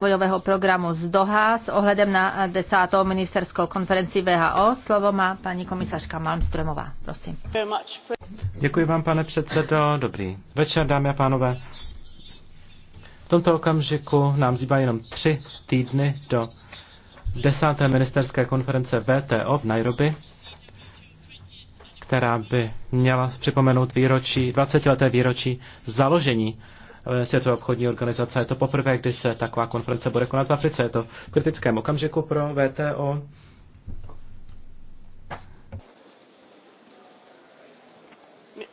rozvojového programu z Doha s ohledem na desátou ministerskou konferenci VHO. Slovo má paní komisařka Malmströmová. Prosím. Děkuji vám, pane předsedo. Dobrý večer, dámy a pánové. V tomto okamžiku nám zbývá jenom tři týdny do desáté ministerské konference VTO v Nairobi, která by měla připomenout výročí, 20. leté výročí založení Světové obchodní organizace. Je to poprvé, kdy se taková konference bude konat v Africe. Je to v kritickém okamžiku pro VTO.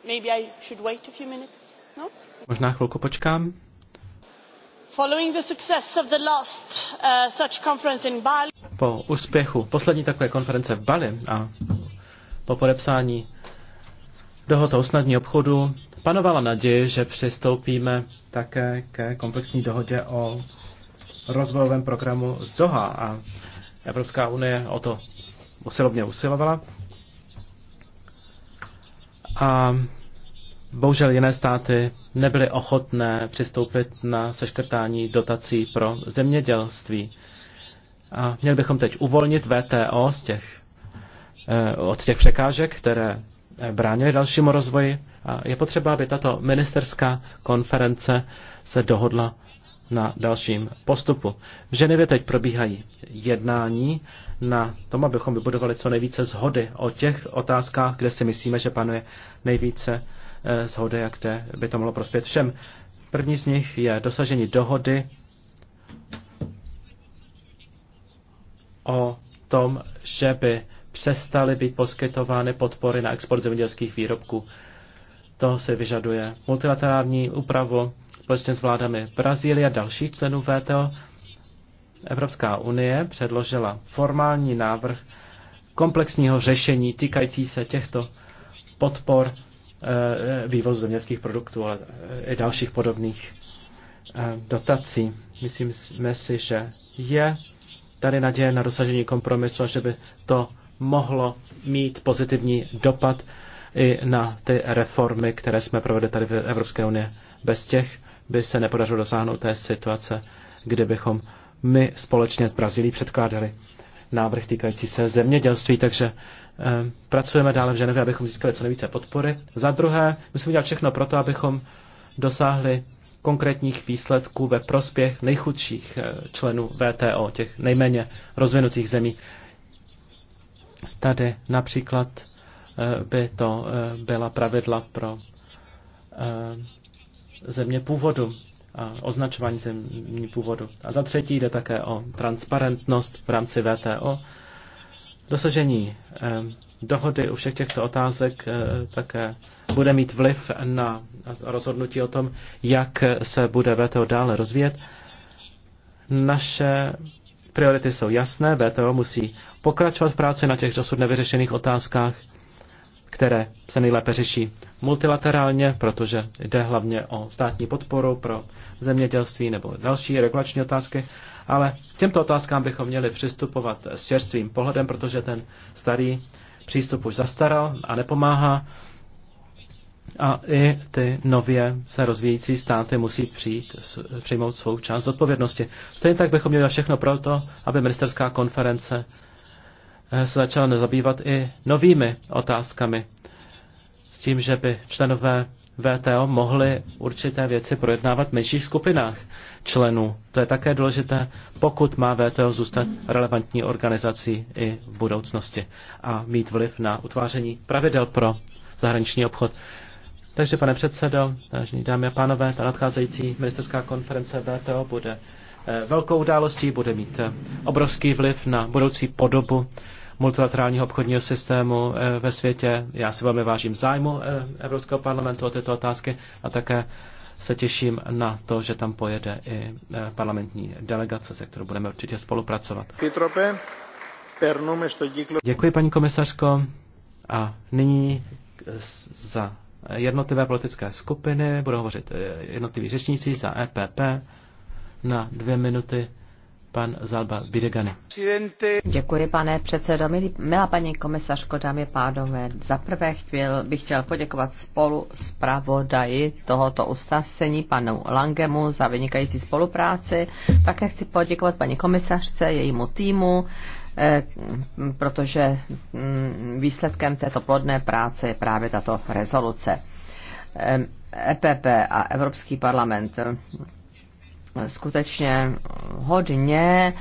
Maybe I should wait a few minutes. No? Možná chvilku počkám. Following the success of the last uh, such conference in Bali. Po úspěchu poslední takové konference v Bali a po podepsání dohod o snadní obchodu panovala naděje, že přistoupíme také ke komplexní dohodě o rozvojovém programu z Doha a Evropská unie o to usilovně usilovala. A bohužel jiné státy nebyly ochotné přistoupit na seškrtání dotací pro zemědělství. A měli bychom teď uvolnit VTO z těch, eh, od těch překážek, které bránily dalšímu rozvoji je potřeba, aby tato ministerská konference se dohodla na dalším postupu. V Ženevě teď probíhají jednání na tom, abychom vybudovali co nejvíce zhody o těch otázkách, kde si myslíme, že panuje nejvíce eh, zhody a kde by to mohlo prospět všem. První z nich je dosažení dohody o tom, že by přestaly být poskytovány podpory na export zemědělských výrobků toho se vyžaduje multilaterální úpravu společně s vládami Brazílie a dalších členů VTO. Evropská unie předložila formální návrh komplexního řešení týkající se těchto podpor eh, vývozu zemědělských produktů a eh, i dalších podobných eh, dotací. Myslíme si, že je tady naděje na dosažení kompromisu a že by to mohlo mít pozitivní dopad i na ty reformy, které jsme provedli tady v Evropské unii. Bez těch by se nepodařilo dosáhnout té situace, kdybychom my společně s Brazílií předkládali návrh týkající se zemědělství, takže eh, pracujeme dále v Ženevě, abychom získali co nejvíce podpory. Za druhé, musíme dělat všechno pro to, abychom dosáhli konkrétních výsledků ve prospěch nejchudších eh, členů VTO, těch nejméně rozvinutých zemí. Tady například by to eh, byla pravidla pro eh, země původu a označování zemní původu. A za třetí jde také o transparentnost v rámci VTO. Dosažení eh, dohody u všech těchto otázek také bude mít vliv na rozhodnutí o tom, jak se bude VTO dále rozvíjet. Naše priority jsou jasné, VTO musí pokračovat v práci na těch dosud nevyřešených otázkách které se nejlépe řeší multilaterálně, protože jde hlavně o státní podporu pro zemědělství nebo další regulační otázky, ale těmto otázkám bychom měli přistupovat s čerstvým pohledem, protože ten starý přístup už zastaral a nepomáhá a i ty nově se rozvíjící státy musí přijít, přijmout svou část odpovědnosti. Stejně tak bychom měli všechno proto, aby ministerská konference Eh, se začal zabývat i novými otázkami. S tím, že by členové VTO mohli určité věci projednávat v menších skupinách členů. To je také důležité, pokud má VTO zůstat relevantní organizací i v budoucnosti a mít vliv na utváření pravidel pro zahraniční obchod. Takže, pane předsedo, vážení dámy a pánové, ta nadcházející ministerská konference VTO bude eh, velkou událostí, bude mít eh, obrovský vliv na budoucí podobu multilaterálního obchodního systému eh, ve světě. Já si velmi vážím zájmu eh, Evropského parlamentu o této otázky a také se těším na to, že tam pojede i eh, parlamentní delegace, se kterou budeme určitě spolupracovat. Děkuji, paní komisařko. A nyní za jednotlivé politické skupiny budou hovořit jednotliví řečníci za EPP na dvě minuty pan Zalba Bidegany. Děkuji, pane předsedo. Milá paní komisařko, dámy pádové, za prvé chvíl bych chtěl poděkovat spolu zpravodaji tohoto usnesení panu Langemu za vynikající spolupráci. Také chci poděkovat paní komisařce, jejímu týmu, eh, protože mm, výsledkem této plodné práce je právě tato rezoluce. EPP e a Evropský parlament skutečně hodně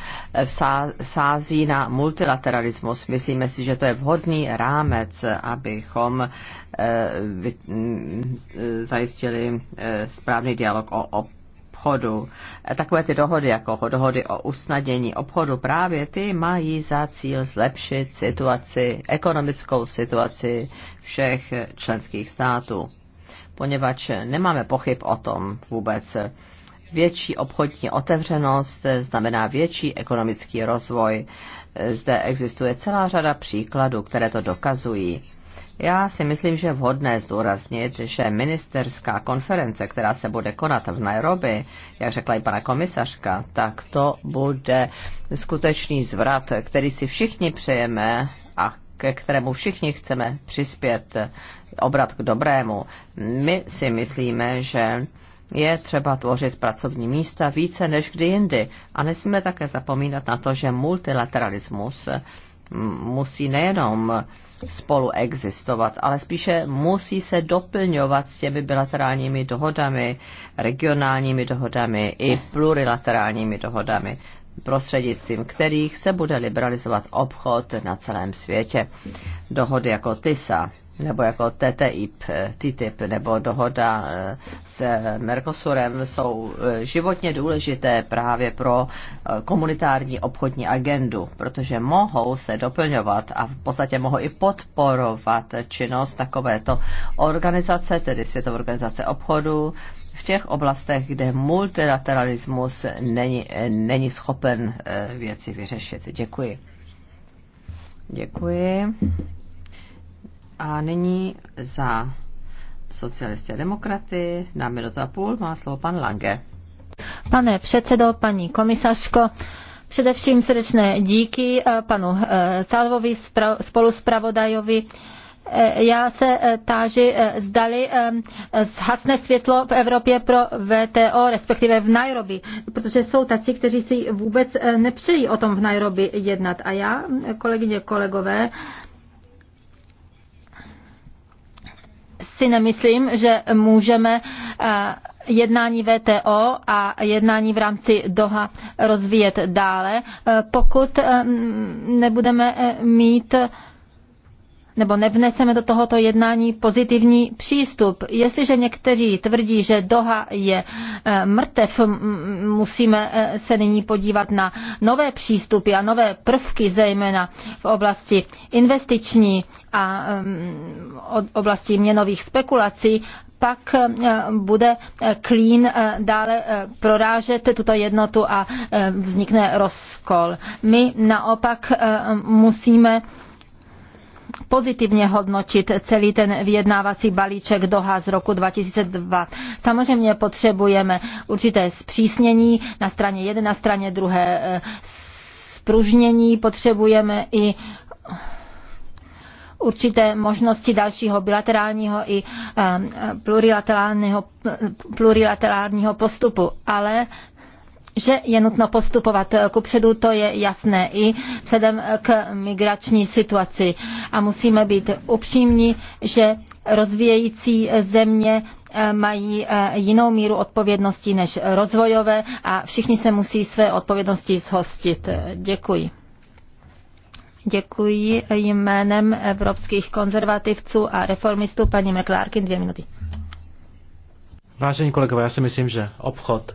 sází na multilateralismus. Myslíme si, že to je vhodný rámec, abychom eh, mm, zajistili eh, správný dialog o obchodu. Eh, takové ty dohody, jako dohody o usnadění obchodu, právě ty mají za cíl zlepšit situaci, ekonomickou situaci všech členských států, poněvadž nemáme pochyb o tom vůbec, Větší obchodní otevřenost znamená větší ekonomický rozvoj. Zde existuje celá řada příkladů, které to dokazují. Já si myslím, že je vhodné zdůraznit, že ministerská konference, která se bude konat v Nairobi, jak řekla i pana komisařka, tak to bude skutečný zvrat, který si všichni přejeme a ke kterému všichni chceme přispět obrat k dobrému. My si myslíme, že je třeba tvořit pracovní místa více než kdy jindy. A nesmíme také zapomínat na to, že multilateralismus mm, musí nejenom spolu existovat, ale spíše musí se doplňovat s těmi bilaterálními dohodami, regionálními dohodami i plurilaterálními dohodami, prostřednictvím kterých se bude liberalizovat obchod na celém světě. Dohody jako TISA, nebo jako TTIP, eh, TTIP nebo dohoda eh, s Mercosurem jsou eh, životně důležité právě pro komunitární obchodní agendu, protože mohou se doplňovat a v podstatě mohou i podporovat činnost takovéto organizace, tedy Světové organizace obchodu, v těch oblastech, kde multilateralismus není, není schopen věci vyřešit. Děkuji. Děkuji. A nyní za socialisty a demokraty na minutu a půl má slovo pan Lange. Pane předsedo, paní komisařko, především srdečné díky eh, panu Salvovi, eh, spoluspravodajovi. Eh, já se táži, zdali ehm, zhasne světlo v Evropě pro VTO, respektive v Nairobi, protože jsou taci, kteří si vůbec nepřejí o tom v Nairobi jednat. A já, kolegyně, kolegové, si nemyslím, že můžeme eh, jednání VTO a jednání v rámci Doha rozvíjet dále, eh, pokud eh, nebudeme mít nebo nevneseme do tohoto jednání pozitivní přístup. Jestliže někteří tvrdí, že Doha je e, mrtev, musíme e, se nyní podívat na nové přístupy a nové prvky, zejména v oblasti investiční a oblasti měnových spekulací, pak e, bude klín dále prorážet tuto jednotu a vznikne rozkol. My naopak musíme pozitivně hodnotit celý ten vyjednávací balíček Doha z roku 2002. Samozřejmě potřebujeme určité zpřísnění na straně jedné, na straně druhé eh, spružnění, potřebujeme i určité možnosti dalšího bilaterálního i eh, plurilaterálního, eh, plurilaterálního postupu. Ale že je nutno postupovat kupředu, to je jasné i vzhledem k migrační situaci. A musíme být upřímní, že rozvíjející země eh, mají eh, jinou míru odpovědnosti než rozvojové a všichni se musí své odpovědnosti zhostit. Děkuji. Děkuji jménem evropských konzervativců a reformistů paní McClarkin dvě minuty. Vážení kolegové, já si myslím, že obchod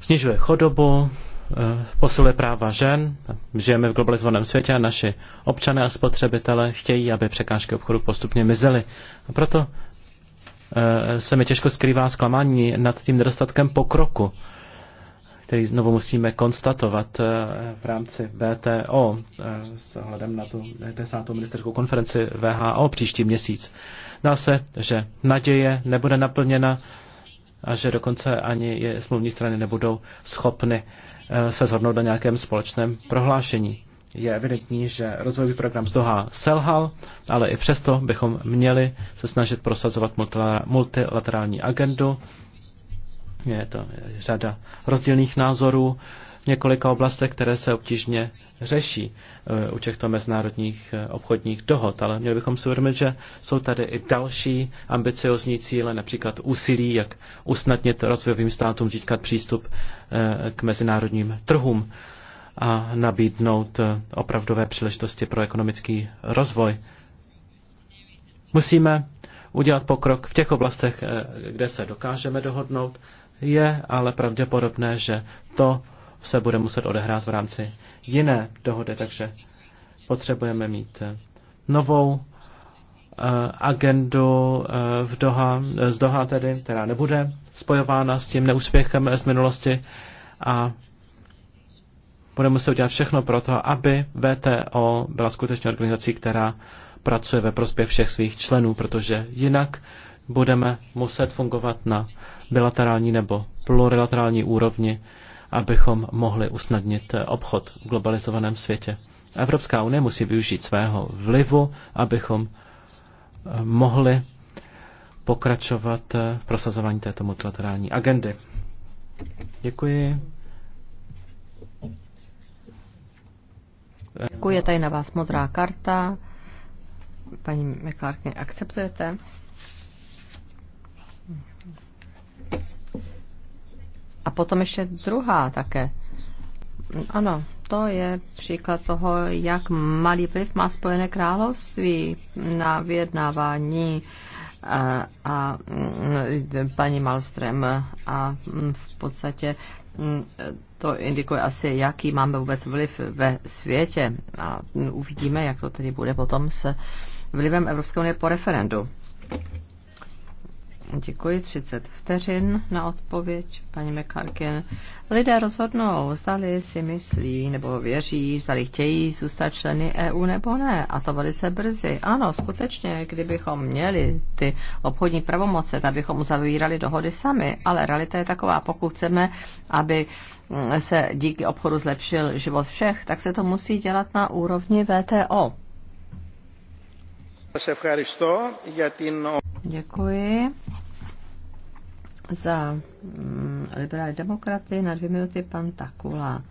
snižuje chodobu, eh, posiluje práva žen. Žijeme v globalizovaném světě a naši občané a spotřebitelé chtějí, aby překážky obchodu postupně mizely. A proto eh, se mi těžko skrývá zklamání nad tím nedostatkem pokroku, který znovu musíme konstatovat eh, v rámci VTO s ohledem na tu desátou ministerskou konferenci VHO příští měsíc. Dá se, že naděje nebude naplněna a že dokonce ani smluvní strany nebudou schopny eh, se zhodnout na nějakém společném prohlášení. Je evidentní, že rozvojový program z Doha selhal, ale i přesto bychom měli se snažit prosazovat multilaterální agendu. Je to eh, řada rozdílných názorů několika oblastech, které se obtížně řeší eh, u těchto mezinárodních eh, obchodních dohod, ale měli bychom si uvědomit, že jsou tady i další ambiciozní cíle, například úsilí, jak usnadnit rozvojovým státům získat přístup eh, k mezinárodním trhům a nabídnout opravdové příležitosti pro ekonomický rozvoj. Musíme udělat pokrok v těch oblastech, kde se dokážeme dohodnout, je ale pravděpodobné, že to se bude muset odehrát v rámci jiné dohody, takže potřebujeme mít eh, novou eh, agendu eh, v Doha, z Doha tedy, která nebude spojována s tím neúspěchem z minulosti a budeme muset udělat všechno pro to, aby VTO byla skutečně organizací, která pracuje ve prospěch všech svých členů, protože jinak budeme muset fungovat na bilaterální nebo plurilaterální úrovni abychom mohli usnadnit obchod v globalizovaném světě. Evropská unie musí využít svého vlivu, abychom eh, mohli pokračovat eh, v prosazování této multilaterální agendy. Děkuji. Děkuji, je tady na vás modrá karta. Paní McClarkin, akceptujete? A potom ještě druhá také. Ano, to je příklad toho, jak malý vliv má Spojené království na vyjednávání a, a mm, paní Malstrem a mm, v podstatě mm, to indikuje asi, jaký máme vůbec vliv ve světě a uvidíme, jak to tedy bude potom s vlivem Evropské unie po referendu. Děkuji, 30 vteřin na odpověď, paní McCarkin. Lidé rozhodnou, zdali si myslí nebo věří, zdali chtějí zůstat členy EU nebo ne. A to velice brzy. Ano, skutečně, kdybychom měli ty obchodní pravomoce, tak bychom uzavírali dohody sami. Ale realita je taková, pokud chceme, aby mm, se díky obchodu zlepšil život všech, tak se to musí dělat na úrovni VTO. Děkuji za mm, liberální demokraty. Na dvě minuty pan Takula.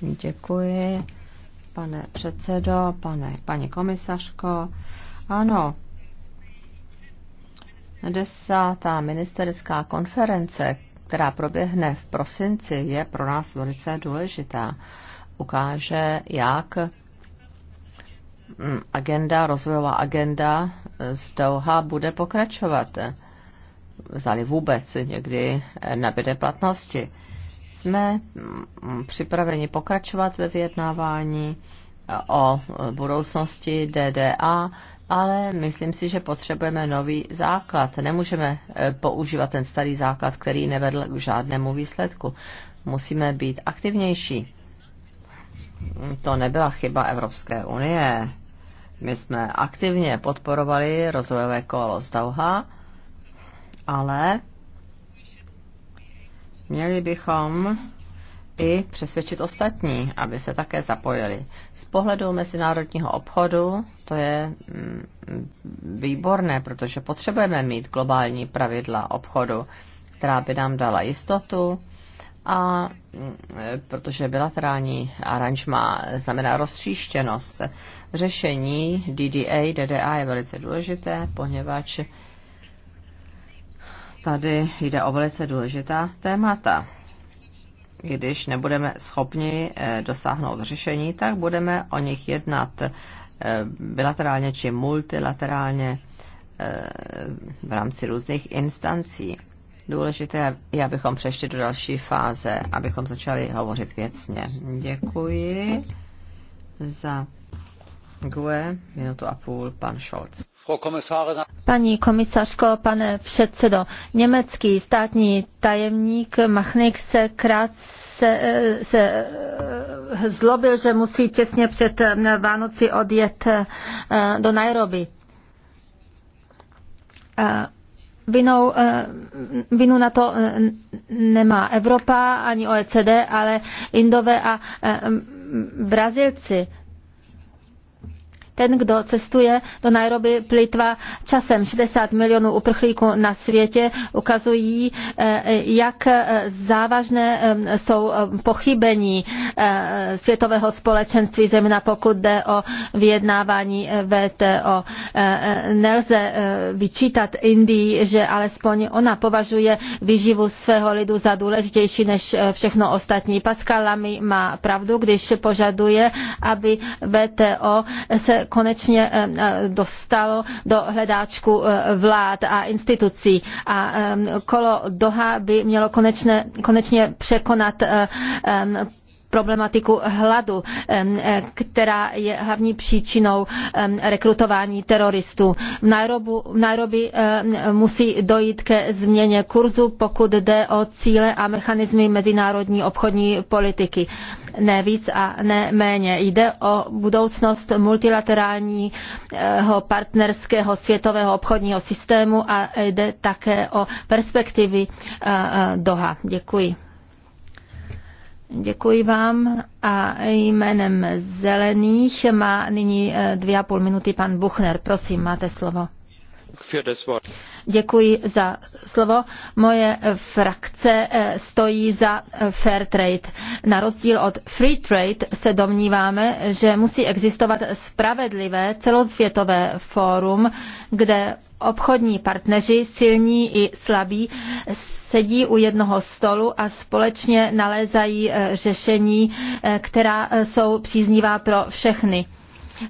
Děkuji, pane předsedo, pane, paní komisařko. Ano, desátá ministerská konference, která proběhne v prosinci, je pro nás velice důležitá. Ukáže, jak Mm, agenda, rozvojová agenda eh, z Doha bude pokračovat. Zdali vůbec někdy eh, nabide platnosti. Jsme mm, připraveni pokračovat ve vyjednávání eh, o budoucnosti DDA, ale myslím si, že potřebujeme nový základ. Nemůžeme používat ten starý základ, který nevedl k žádnému výsledku. Musíme být aktivnější to nebyla chyba Evropské unie. My jsme aktivně podporovali rozvojové kolo z Dauha, ale měli bychom i přesvědčit ostatní, aby se také zapojili. Z pohledu mezinárodního obchodu to je mm, výborné, protože potřebujeme mít globální pravidla obchodu, která by nám dala jistotu, a mm, protože bilaterální aranžma znamená roztříštěnost. Řešení DDA, DDA je velice důležité, poněvadž tady jde o velice důležitá témata. Když nebudeme schopni eh, dosáhnout řešení, tak budeme o nich jednat eh, bilaterálně či multilaterálně eh, v rámci různých instancí důležité Já abychom přešli do další fáze, abychom začali hovořit věcně. Děkuji za GUE, minutu a půl, pan Scholz. Paní komisařko, pane předsedo, německý státní tajemník Machnik se krátce se, se eh, zlobil, že musí těsně před eh, Vánoci odjet eh, do Nairobi vinou, eh, vinu na to eh, nemá Evropa ani OECD, ale Indové a eh, Brazilci. Ten, kdo cestuje do Nairobi, plitva časem 60 milionů uprchlíků na světě, ukazují, eh, jak eh, závažné eh, jsou pochybení světového společenství, zejména pokud jde o vyjednávání VTO. Nelze vyčítat Indii, že alespoň ona považuje vyživu svého lidu za důležitější než všechno ostatní. Pascal Lamy má pravdu, když požaduje, aby VTO se konečně eh, eh, dostalo do hledáčku eh, vlád a institucí. A kolo Doha by mělo konečně, konečně překonat problematiku hladu, eh, která je hlavní příčinou rekrutování teroristů. V Nairobi, Nairobi musí dojít ke změně kurzu, pokud jde o cíle a mechanizmy mezinárodní obchodní politiky. Ne víc a ne méně. Jde o budoucnost multilaterálního partnerského světového obchodního systému a jde také o perspektivy eh, eh, Doha. Děkuji. Děkuji vám a jménem Zelených má nyní eh, dvě a půl minuty pan Buchner. Prosím, máte slovo. Děkuji za slovo. Moje frakce eh, stojí za eh, fair trade. Na rozdíl od free trade se domníváme, že musí existovat spravedlivé celosvětové fórum, kde obchodní partneři, silní i slabí, sedí u jednoho stolu a společně nalézají eh, řešení, která jsou příznivá pro všechny.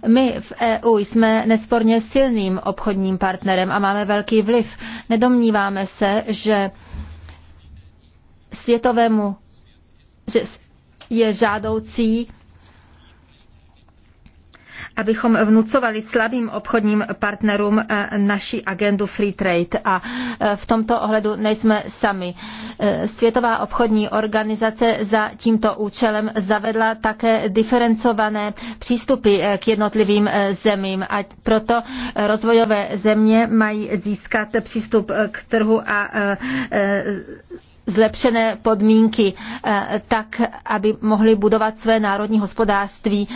My v EU jsme nesporně silným obchodním partnerem a máme velký vliv. Nedomníváme se, že světovému že je žádoucí abychom vnucovali slabým obchodním partnerům eh, naši agendu free trade. A eh, v tomto ohledu nejsme sami. Eh, Světová obchodní organizace za tímto účelem zavedla také diferencované přístupy k jednotlivým zemím a proto rozvojové země mají získat přístup k trhu a zlepšené podmínky eh, tak, aby mohli budovat své národní hospodářství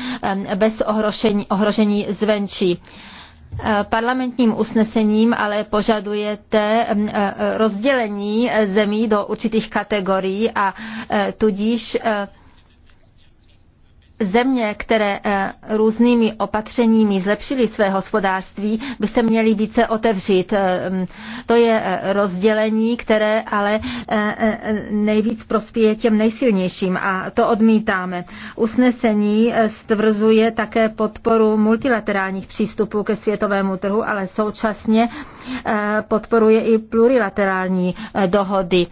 eh, bez ohrožení, ohrožení zvenčí. Eh, parlamentním usnesením ale požadujete rozdělení zemí do určitých kategorií a tudíž země, které eh, různými opatřeními zlepšily své hospodářství, by se měly více otevřít. Eh, mm, to je eh, rozdělení, které ale nejvíc prospěje těm nejsilnějším a to odmítáme. Usnesení stvrzuje také podporu multilaterálních přístupů ke světovému trhu, ale současně podporuje i plurilaterální dohody,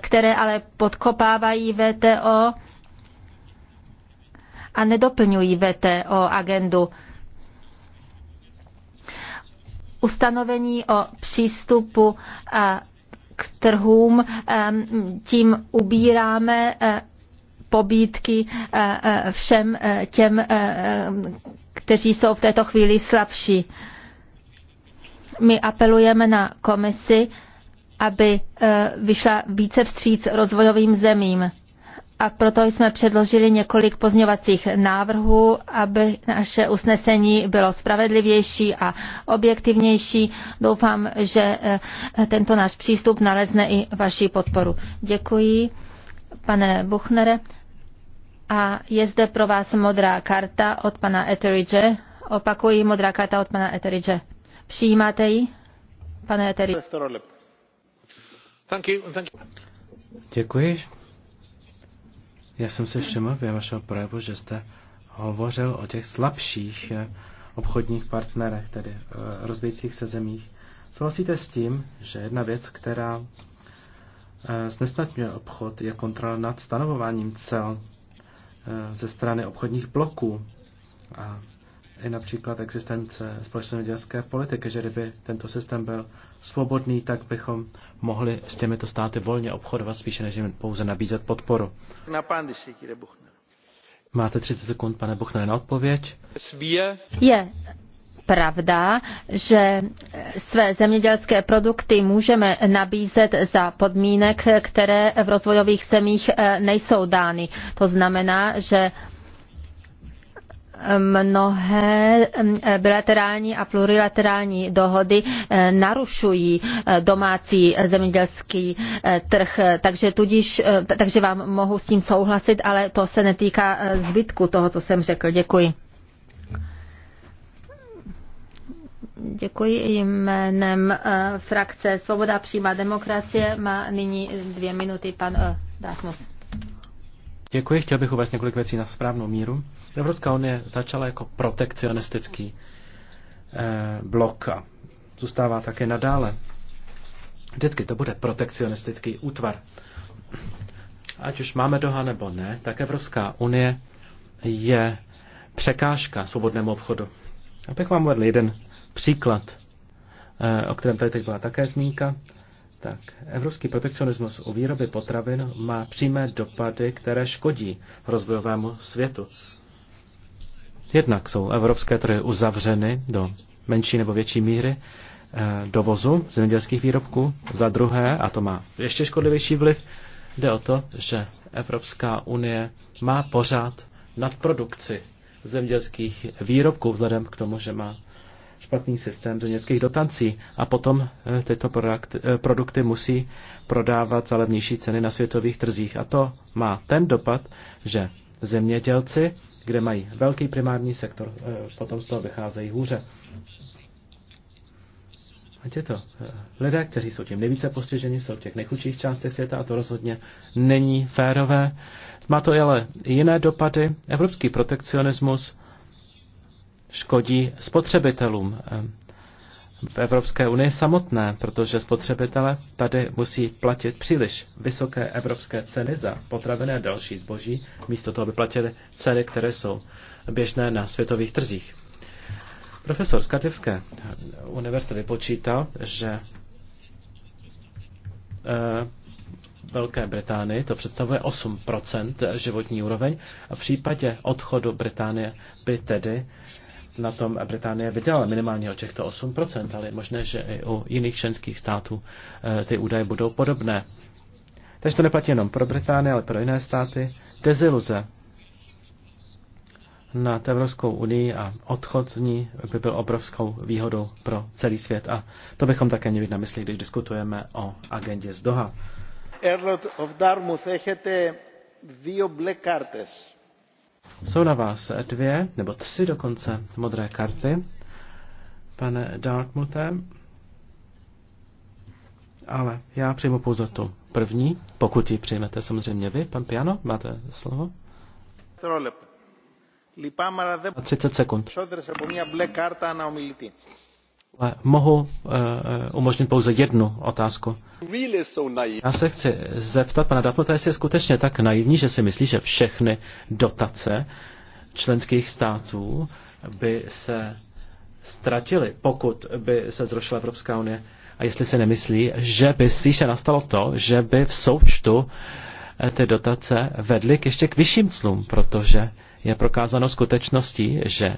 které ale podkopávají VTO a nedoplňují VTO agendu. Ustanovení o přístupu eh, k trhům eh, tím ubíráme eh, pobídky všem těm, kteří jsou v této chvíli slabší. My apelujeme na komisi, aby vyšla více vstříc rozvojovým zemím a proto jsme předložili několik pozňovacích návrhů, aby naše usnesení bylo spravedlivější a objektivnější. Doufám, že eh, tento náš přístup nalezne i vaši podporu. Děkuji, pane Buchnere. A je zde pro vás modrá karta od pana Etheridge. Opakuji, modrá karta od pana Etheridge. Přijímáte ji, pane Etheridge? Děkuji. Já jsem si všiml ve vašeho projevu, že jste hovořil o těch slabších eh, obchodních partnerech, tedy eh, rozvíjících se zemích. Souhlasíte s tím, že jedna věc, která eh, znesnadňuje obchod, je kontrola nad stanovováním cel ze strany obchodních bloků. A i například existence společné zemědělské politiky, že kdyby tento systém byl svobodný, tak bychom mohli s těmito státy volně obchodovat spíše, než jim pouze nabízet podporu. Na Máte 30 sekund, pane Buchner, na odpověď. Je pravda, že své zemědělské produkty můžeme nabízet za podmínek, které v rozvojových zemích eh, nejsou dány. To znamená, že mnohé mm, bilaterální a plurilaterální dohody eh, narušují eh, domácí zemědělský eh, trh, takže tudíž, takže vám mohu s tím souhlasit, ale to se netýká zbytku toho, co jsem řekl. Děkuji. Děkuji jménem frakce Svoboda přímá demokracie. Má nyní dvě minuty pan Dásmus. Děkuji, chtěl bych uvést několik věcí na správnou míru. Evropská unie začala jako protekcionistický eh, blok a zůstává také nadále. Vždycky to bude protekcionistický útvar. Ať už máme doha nebo ne, tak Evropská unie je překážka svobodnému obchodu. Abych vám uvedl jeden příklad, eh, o kterém tady teď byla také zmínka tak evropský protekcionismus u výroby potravin má přímé dopady, které škodí rozvojovému světu. Jednak jsou evropské trhy uzavřeny do menší nebo větší míry eh, dovozu zemědělských výrobků. Za druhé, a to má ještě škodlivější vliv, jde o to, že Evropská unie má pořád nadprodukci zemědělských výrobků vzhledem k tomu, že má špatný systém německých dotací a potom eh, tyto eh, produkty musí prodávat za levnější ceny na světových trzích. A to má ten dopad, že zemědělci, kde mají velký primární sektor, eh, potom z toho vycházejí hůře. A to lidé, kteří jsou tím nejvíce postiženi, jsou v těch nejchudších částech světa a to rozhodně není férové. Má to ale jiné dopady. Evropský protekcionismus škodí spotřebitelům eh, v Evropské unii samotné, protože spotřebitele tady musí platit příliš vysoké evropské ceny za potraviny a další zboží, místo toho by platili ceny, které jsou běžné na světových trzích. Profesor z univerzity počítal, že eh, Velké Británii to představuje 8 životní úroveň a v případě odchodu Británie by tedy na tom Británie vydělala minimálně o těchto 8%, ale je možné, že i u jiných členských států eh, ty údaje budou podobné. Takže to neplatí jenom pro Británii, ale pro jiné státy. Deziluze na Evropskou unii a odchod z ní by byl obrovskou výhodou pro celý svět. A to bychom také měli na mysli, když diskutujeme o agendě z Doha. Erlot of Dartmouth, έχετε δύο μπλε jsou na vás dvě, nebo tři dokonce, modré karty. Pane Dartmute, ale já přijmu pouze tu první, pokud ji přijmete samozřejmě vy, pan Piano, máte slovo. 30 sekund mohu eh, eh, umožnit pouze jednu otázku. Já se chci zeptat pana Dafnota, jestli je skutečně tak naivní, že si myslí, že všechny dotace členských států by se ztratily, pokud by se zrušila Evropská unie. A jestli se nemyslí, že by spíše nastalo to, že by v součtu eh, ty dotace vedly k ještě k vyšším clům, protože je prokázáno skutečností, že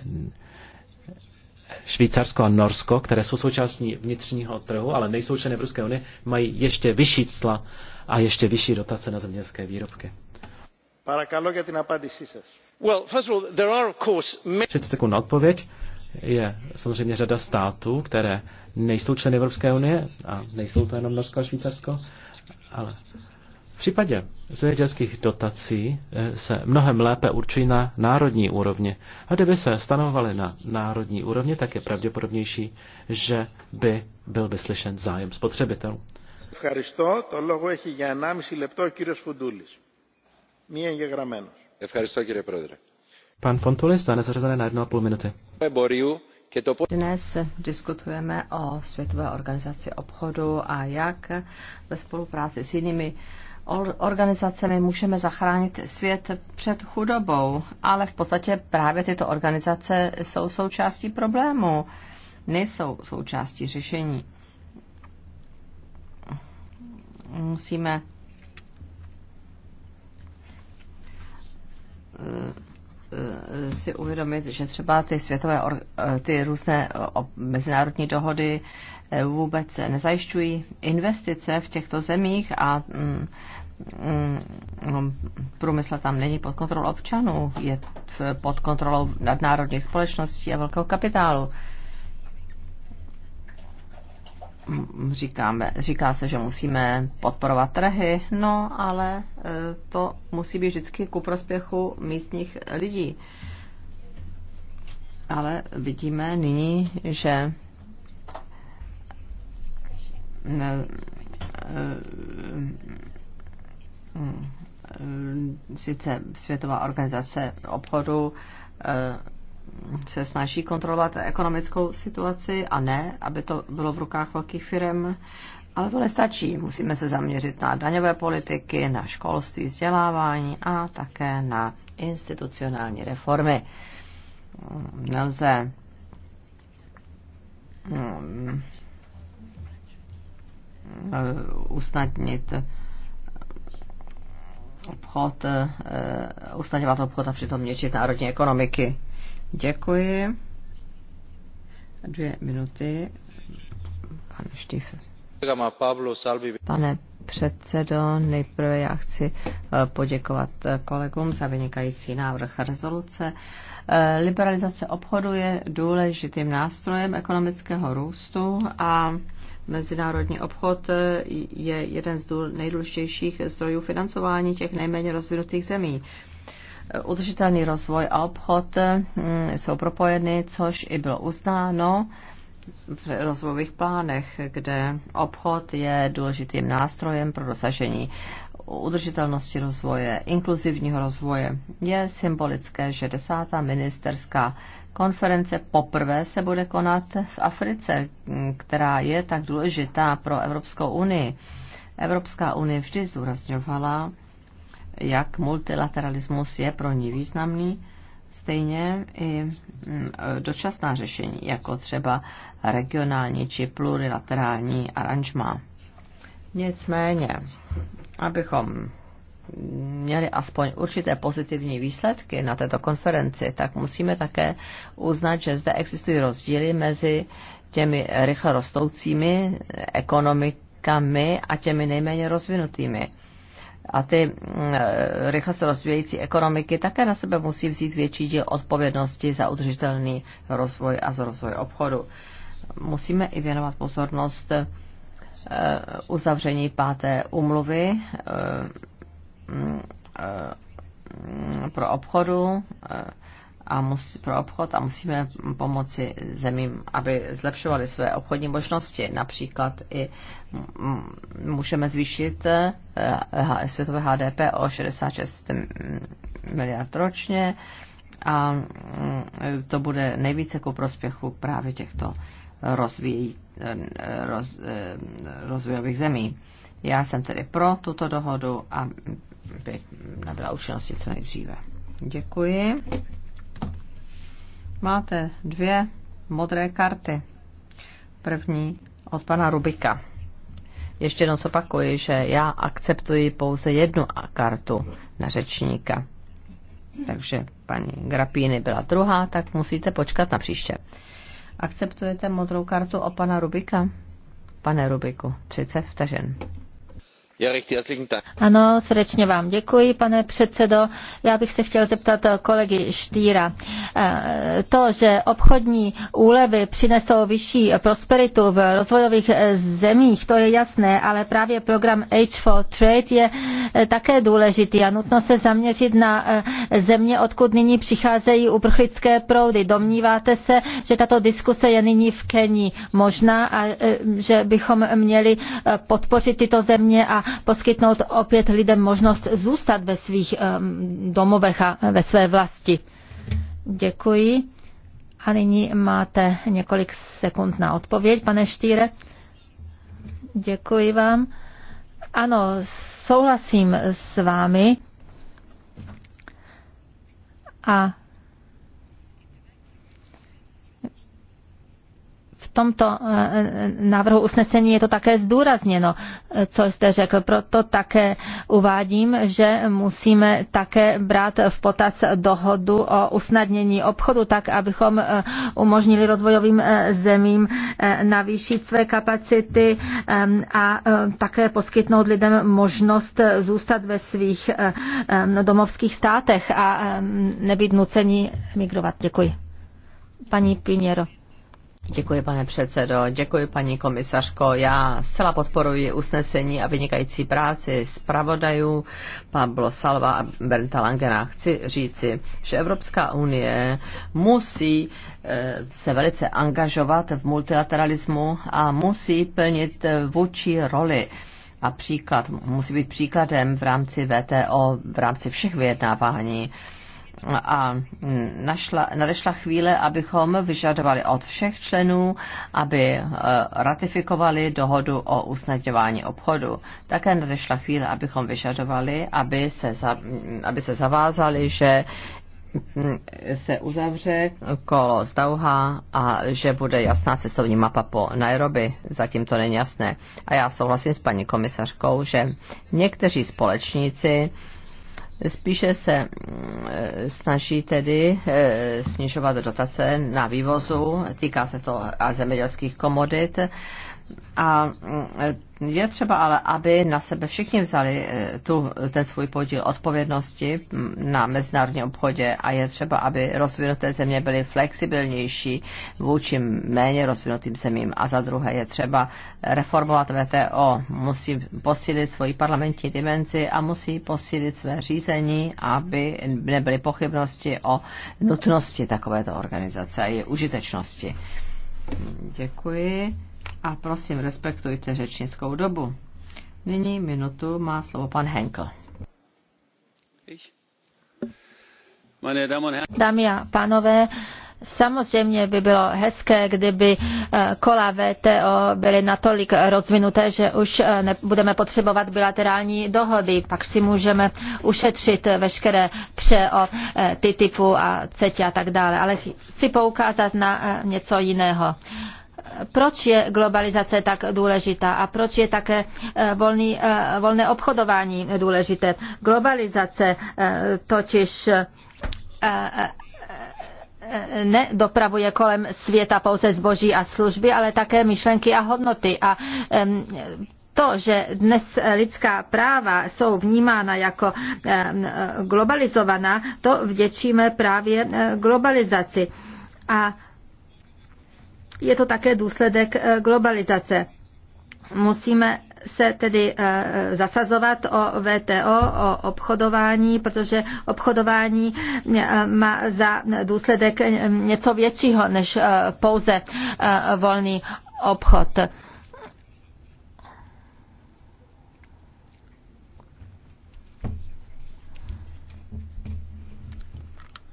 Švýcarsko a Norsko, které jsou součástí vnitřního trhu, ale nejsou členy Evropské unie, mají ještě vyšší cla a ještě vyšší dotace na zemědělské výrobky. Well, takovou na odpověď je samozřejmě řada států, které nejsou členy Evropské unie a nejsou to jenom Norsko a Švýcarsko, ale v případě zemědělských dotací eh, se mnohem lépe určují na národní úrovni. A kdyby se stanovovaly na národní úrovni, tak je pravděpodobnější, že by byl vyslyšen zájem spotřebitelů. Pan Fontulis, dane zařazené na a půl minuty. Dnes diskutujeme o Světové organizaci obchodu a jak ve spolupráci s jinými uh, organizacemi můžeme zachránit svět před chudobou, ale v podstatě právě tyto organizace jsou součástí problému, nejsou součástí řešení. Musíme eh, eh, si uvědomit, že třeba ty světové, eh, ty různé mezinárodní dohody Eh, vůbec nezajišťují investice v těchto zemích a mm, mm, no, průmysl tam není pod kontrolou občanů, je pod kontrolou nadnárodních společností a velkého kapitálu. Říkáme, říká se, že musíme podporovat trhy, no ale eh, to musí být vždycky ku prospěchu místních lidí. Ale vidíme nyní, že Eh, eh, eh, sice Světová organizace obchodu se snaží kontrolovat ekonomickou situaci a ne, aby to bylo v rukách velkých firm, ale to nestačí. Musíme se zaměřit na daňové politiky, na školství, vzdělávání a také na institucionální reformy. Nelze mm, Eh, usnadnit obchod, eh, usnadňovat obchod a přitom měčit národní ekonomiky. Děkuji. Dvě minuty. Pan Štífer. Pane předsedo, nejprve já chci eh, poděkovat kolegům za vynikající návrh rezoluce. Liberalizace obchodu je důležitým nástrojem ekonomického růstu a Mezinárodní obchod je jeden z nejdůležitějších zdrojů financování těch nejméně rozvinutých zemí. Udržitelný rozvoj a obchod mm, jsou propojeny, což i bylo uznáno v rozvojových plánech, kde obchod je důležitým nástrojem pro dosažení udržitelnosti rozvoje, inkluzivního rozvoje. Je symbolické, že desátá ministerská konference poprvé se bude konat v Africe, která je tak důležitá pro Evropskou unii. Evropská unie vždy zdůrazňovala, jak multilateralismus je pro ní významný, stejně i dočasná řešení, jako třeba regionální či plurilaterální aranžma. Nicméně, abychom měli aspoň určité pozitivní výsledky na této konferenci, tak musíme také uznat, že zde existují rozdíly mezi těmi rychle rostoucími ekonomikami a těmi nejméně rozvinutými. A ty mm, rychle se rozvíjející ekonomiky také na sebe musí vzít větší díl odpovědnosti za udržitelný rozvoj a za rozvoj obchodu. Musíme i věnovat pozornost eh, uzavření páté úmluvy eh, Mm, eh, pro obchodu eh, a musí, pro obchod a musíme pomoci zemím, aby zlepšovali své obchodní možnosti. Například i mm, můžeme zvýšit eh, světové HDP o 66 miliard ročně a mm, to bude nejvíce ku prospěchu právě těchto rozvíjí, roz, rozvojových zemí. Já jsem tedy pro tuto dohodu a by nabyla účinnosti co nejdříve. Děkuji. Máte dvě modré karty. První od pana Rubika. Ještě jednou opakuji, že já akceptuji pouze jednu kartu na řečníka. Takže paní Grapíny byla druhá, tak musíte počkat na příště. Akceptujete modrou kartu od pana Rubika? Pane Rubiku, 30 vteřin. Ano, srdečně vám děkuji, pane předsedo. Já bych se chtěl zeptat eh, kolegy Štýra. Eh, to, že obchodní úlevy přinesou vyšší prosperitu v rozvojových eh, zemích, to je jasné, ale právě program Age for Trade je také důležitý a nutno se zaměřit na země, odkud nyní přicházejí uprchlické proudy. Domníváte se, že tato diskuse je nyní v Kenii možná a že bychom měli podpořit tyto země a poskytnout opět lidem možnost zůstat ve svých domovech a ve své vlasti. Děkuji. A nyní máte několik sekund na odpověď, pane Štýre. Děkuji vám. Ano, souhlasím s vámi. A tomto eh, eh, návrhu usnesení je to také zdůrazněno, eh, co jste řekl. Proto také uvádím, že musíme také brát v potaz dohodu o usnadnění obchodu, tak abychom umožnili rozvojovým zemím navýšit své kapacity a také poskytnout lidem možnost zůstat ve svých domovských státech a nebýt nuceni migrovat. Děkuji. Paní Piniero. Děkuji, pane předsedo, děkuji, paní komisařko. Já zcela podporuji usnesení a vynikající práci zpravodajů Pablo Salva a Bernta Langena. Chci říci, že Evropská unie musí eh, se velice angažovat v multilateralismu a musí plnit vůči roli a příklad, musí být příkladem v rámci VTO, v rámci všech vyjednávání a mm, našla, nadešla chvíle, abychom vyžadovali od všech členů, aby e, ratifikovali dohodu o usnadňování obchodu. Také nadešla chvíle, abychom vyžadovali, aby se, za, mm, aby se zavázali, že mm, se uzavře kolo z Dauha a že bude jasná cestovní mapa po Nairobi. Zatím to není jasné. A já souhlasím s paní komisařkou, že někteří společníci Spíše se mm, e, snaží tedy e, snižovat dotace na vývozu, týká se to a zemědělských komodit a mm, e, je třeba ale, aby na sebe všichni vzali eh, tu, ten svůj podíl odpovědnosti hm, na mezinárodním obchodě a je třeba, aby rozvinuté země byly flexibilnější vůči méně rozvinutým zemím. A za druhé je třeba reformovat VTO. Musí posílit svoji parlamentní dimenzi a musí posílit své řízení, aby nebyly pochybnosti o nutnosti takovéto organizace a její užitečnosti. Děkuji. A prosím, respektujte řečnickou dobu. Nyní minutu má slovo pan Henkel. Dámy a pánové, Samozřejmě by bylo hezké, kdyby eh, kola VTO byly natolik rozvinuté, že už eh, nebudeme potřebovat bilaterální dohody. Pak si můžeme ušetřit veškeré pře o ty eh, typu a CETI a tak dále. Ale chci poukázat na něco jiného proč je globalizace tak důležitá a proč je také eh, volný, eh, volné obchodování důležité. Globalizace eh, totiž nedopravuje kolem světa pouze zboží a služby, ale také myšlenky a hodnoty. A to, že dnes lidská práva jsou vnímána jako globalizovaná, to vděčíme právě globalizaci. A je to také důsledek eh, globalizace. Musíme se tedy eh, zasazovat o VTO, o obchodování, protože obchodování eh, má za důsledek něco většího než pouze volný obchod.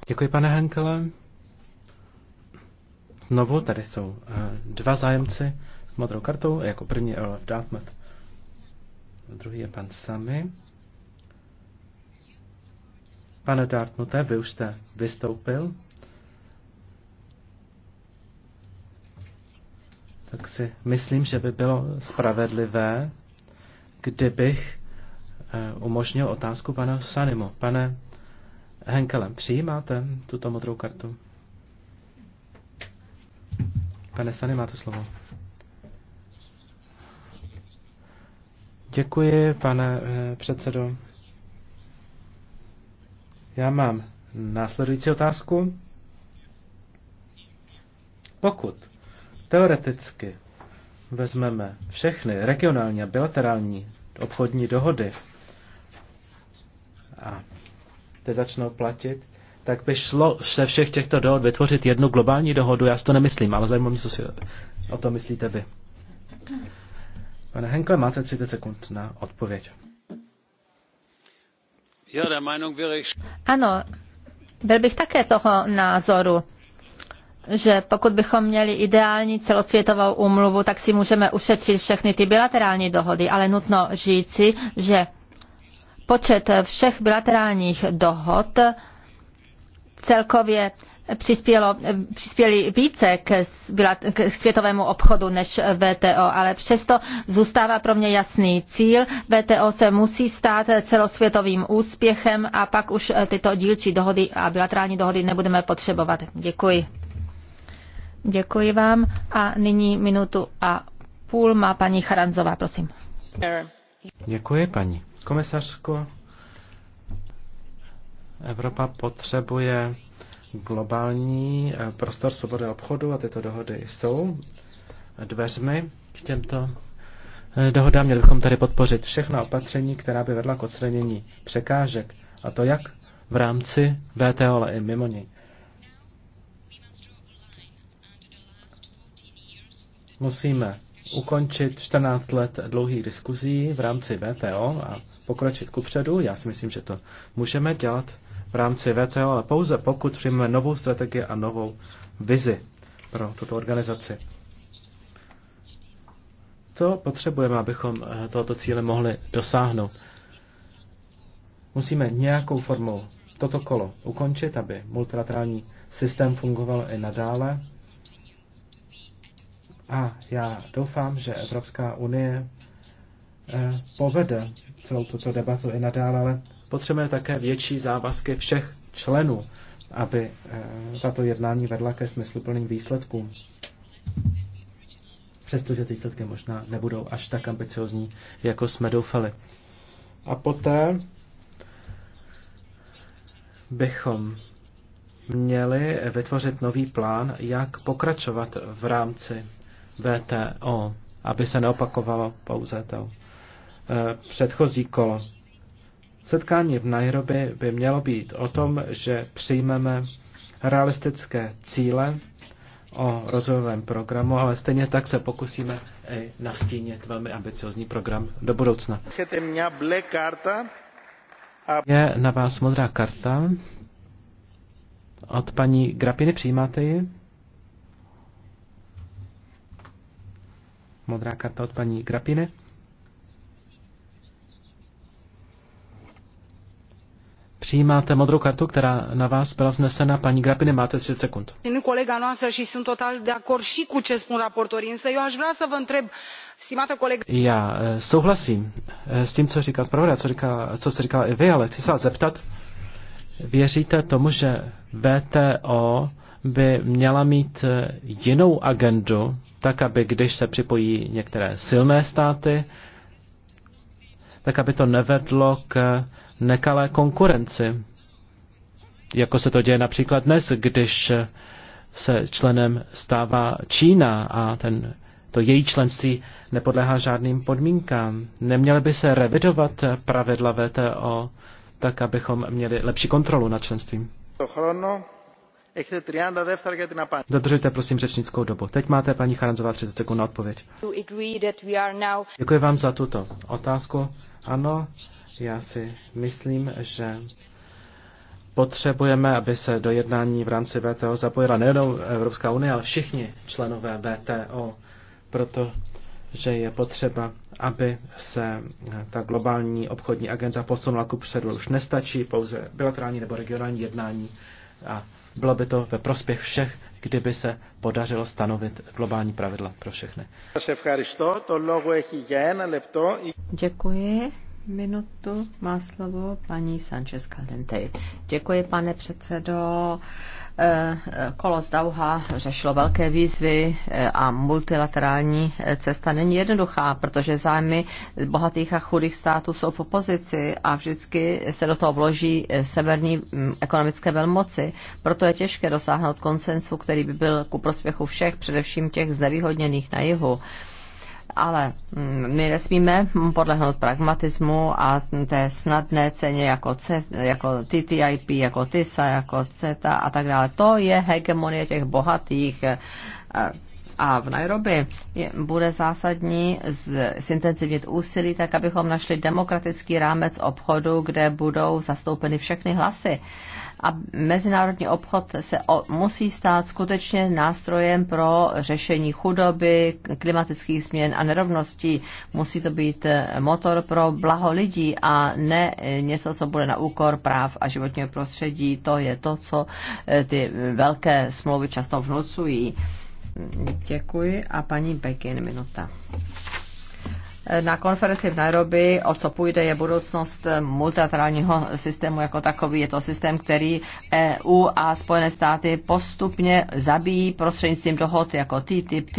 Děkuji, pane Henkele. Znovu tady jsou eh, dva zájemci s modrou kartou, jako první Olaf Dartmouth, druhý je pan Sami. Pane Dartmouth, vy už jste vystoupil. Tak si myslím, že by bylo spravedlivé, kdybych eh, umožnil otázku pana Sanimu. Pane Henkelem, přijímáte tuto modrou kartu? Pane Sany, máte slovo. Děkuji, pane eh, předsedo. Já mám následující otázku. Pokud teoreticky vezmeme všechny regionální a bilaterální obchodní dohody a ty začnou platit, tak by šlo se všech těchto dohod vytvořit jednu globální dohodu. Já si to nemyslím, ale zajímá mě, co si o to myslíte vy. Pane Henkle, máte 30 sekund na odpověď. Ano, byl bych také toho názoru, že pokud bychom měli ideální celosvětovou úmluvu, tak si můžeme ušetřit všechny ty bilaterální dohody, ale nutno říci, že počet všech bilaterálních dohod celkově přispělo, přispěli více k, k světovému obchodu než VTO, ale přesto zůstává pro mě jasný cíl. VTO se musí stát celosvětovým úspěchem a pak už tyto dílčí dohody a bilaterální dohody nebudeme potřebovat. Děkuji. Děkuji vám a nyní minutu a půl má paní Charanzová, prosím. Děkuji, paní komisařko. Evropa potřebuje globální eh, prostor svobody obchodu a tyto dohody jsou dveřmi k těmto eh, dohodám. Měli bychom tady podpořit všechna opatření, která by vedla k odstranění překážek, a to jak v rámci VTO, ale i mimo něj. Musíme ukončit 14 let dlouhých diskuzí v rámci VTO a pokročit kupředu. Já si myslím, že to můžeme dělat v rámci VTO, ale pouze pokud přijmeme novou strategii a novou vizi pro tuto organizaci. To potřebujeme, abychom eh, tohoto cíle mohli dosáhnout. Musíme nějakou formou toto kolo ukončit, aby multilaterální systém fungoval i nadále. A já doufám, že Evropská unie eh, povede celou tuto debatu i nadále, ale Potřebujeme také větší závazky všech členů, aby eh, tato jednání vedla ke smysluplným výsledkům. Přestože ty výsledky možná nebudou až tak ambiciozní, jako jsme doufali. A poté bychom měli vytvořit nový plán, jak pokračovat v rámci VTO, aby se neopakovalo pouze to eh, předchozí kolo. Setkání v Nairobi by mělo být o tom, že přijmeme realistické cíle o rozvojovém programu, ale stejně tak se pokusíme i nastínit velmi ambiciozní program do budoucna. Je na vás modrá karta od paní Grapiny. Přijímáte ji? Modrá karta od paní Grapiny. Přijímáte modrou kartu, která na vás byla vznesena. Paní Grapiny, máte 30 sekund. Kolega noastră și sunt total de acord și cu ce spun raportorii, însă eu aș vrea să vă întreb, stimată colegă... Já eh, souhlasím eh, s tím, co říká zpravodaj, co, říká, co jste říkala i vy, ale chci se zeptat, věříte tomu, že VTO by měla mít eh, jinou agendu, tak aby když se připojí některé silné státy, tak aby to nevedlo k nekalé konkurenci, jako se to děje například dnes, když se členem stává Čína a ten, to její členství nepodléhá žádným podmínkám. Neměly by se revidovat pravidla VTO tak, abychom měli lepší kontrolu nad členstvím. Dodržujte prosím řečnickou dobu. Teď máte paní Charanzová 30 sekund na odpověď. Děkuji vám za tuto otázku. Ano, já si myslím, že potřebujeme, aby se do jednání v rámci VTO zapojila nejenom Evropská unie, ale všichni členové VTO, protože je potřeba, aby se ta globální obchodní agenda posunula ku předu. Už nestačí pouze bilaterální nebo regionální jednání a bylo by to ve prospěch všech, kdyby se podařilo stanovit globální pravidla pro všechny. Děkuji. Minutu má slovo paní Sanchez Caldente. Děkuji, pane předsedo. Eh, eh, kolo z Dauha řešilo velké výzvy eh, a multilaterální cesta není jednoduchá, protože zájmy bohatých a chudých států jsou v opozici a vždycky se do toho vloží severní mm, ekonomické velmoci. Proto je těžké dosáhnout konsensu, který by byl ku prospěchu všech, především těch znevýhodněných na jihu ale mm, my nesmíme podlehnout pragmatismu a té snadné ceně jako, C, jako TTIP, jako TISA, jako CETA a tak dále. To je hegemonie těch bohatých e, a v Nairobi je, bude zásadní z, zintenzivnit úsilí tak, abychom našli demokratický rámec obchodu, kde budou zastoupeny všechny hlasy a mezinárodní obchod se o, musí stát skutečně nástrojem pro řešení chudoby, klimatických změn a nerovností. Musí to být eh, motor pro blaho lidí a ne eh, něco, co bude na úkor práv a životního prostředí. To je to, co eh, ty velké smlouvy často vnucují. Děkuji a paní Pekin minuta na konferenci v Nairobi, o co půjde, je budoucnost multilaterálního systému jako takový. Je to systém, který EU a Spojené státy postupně zabíjí prostřednictvím dohod jako TTIP,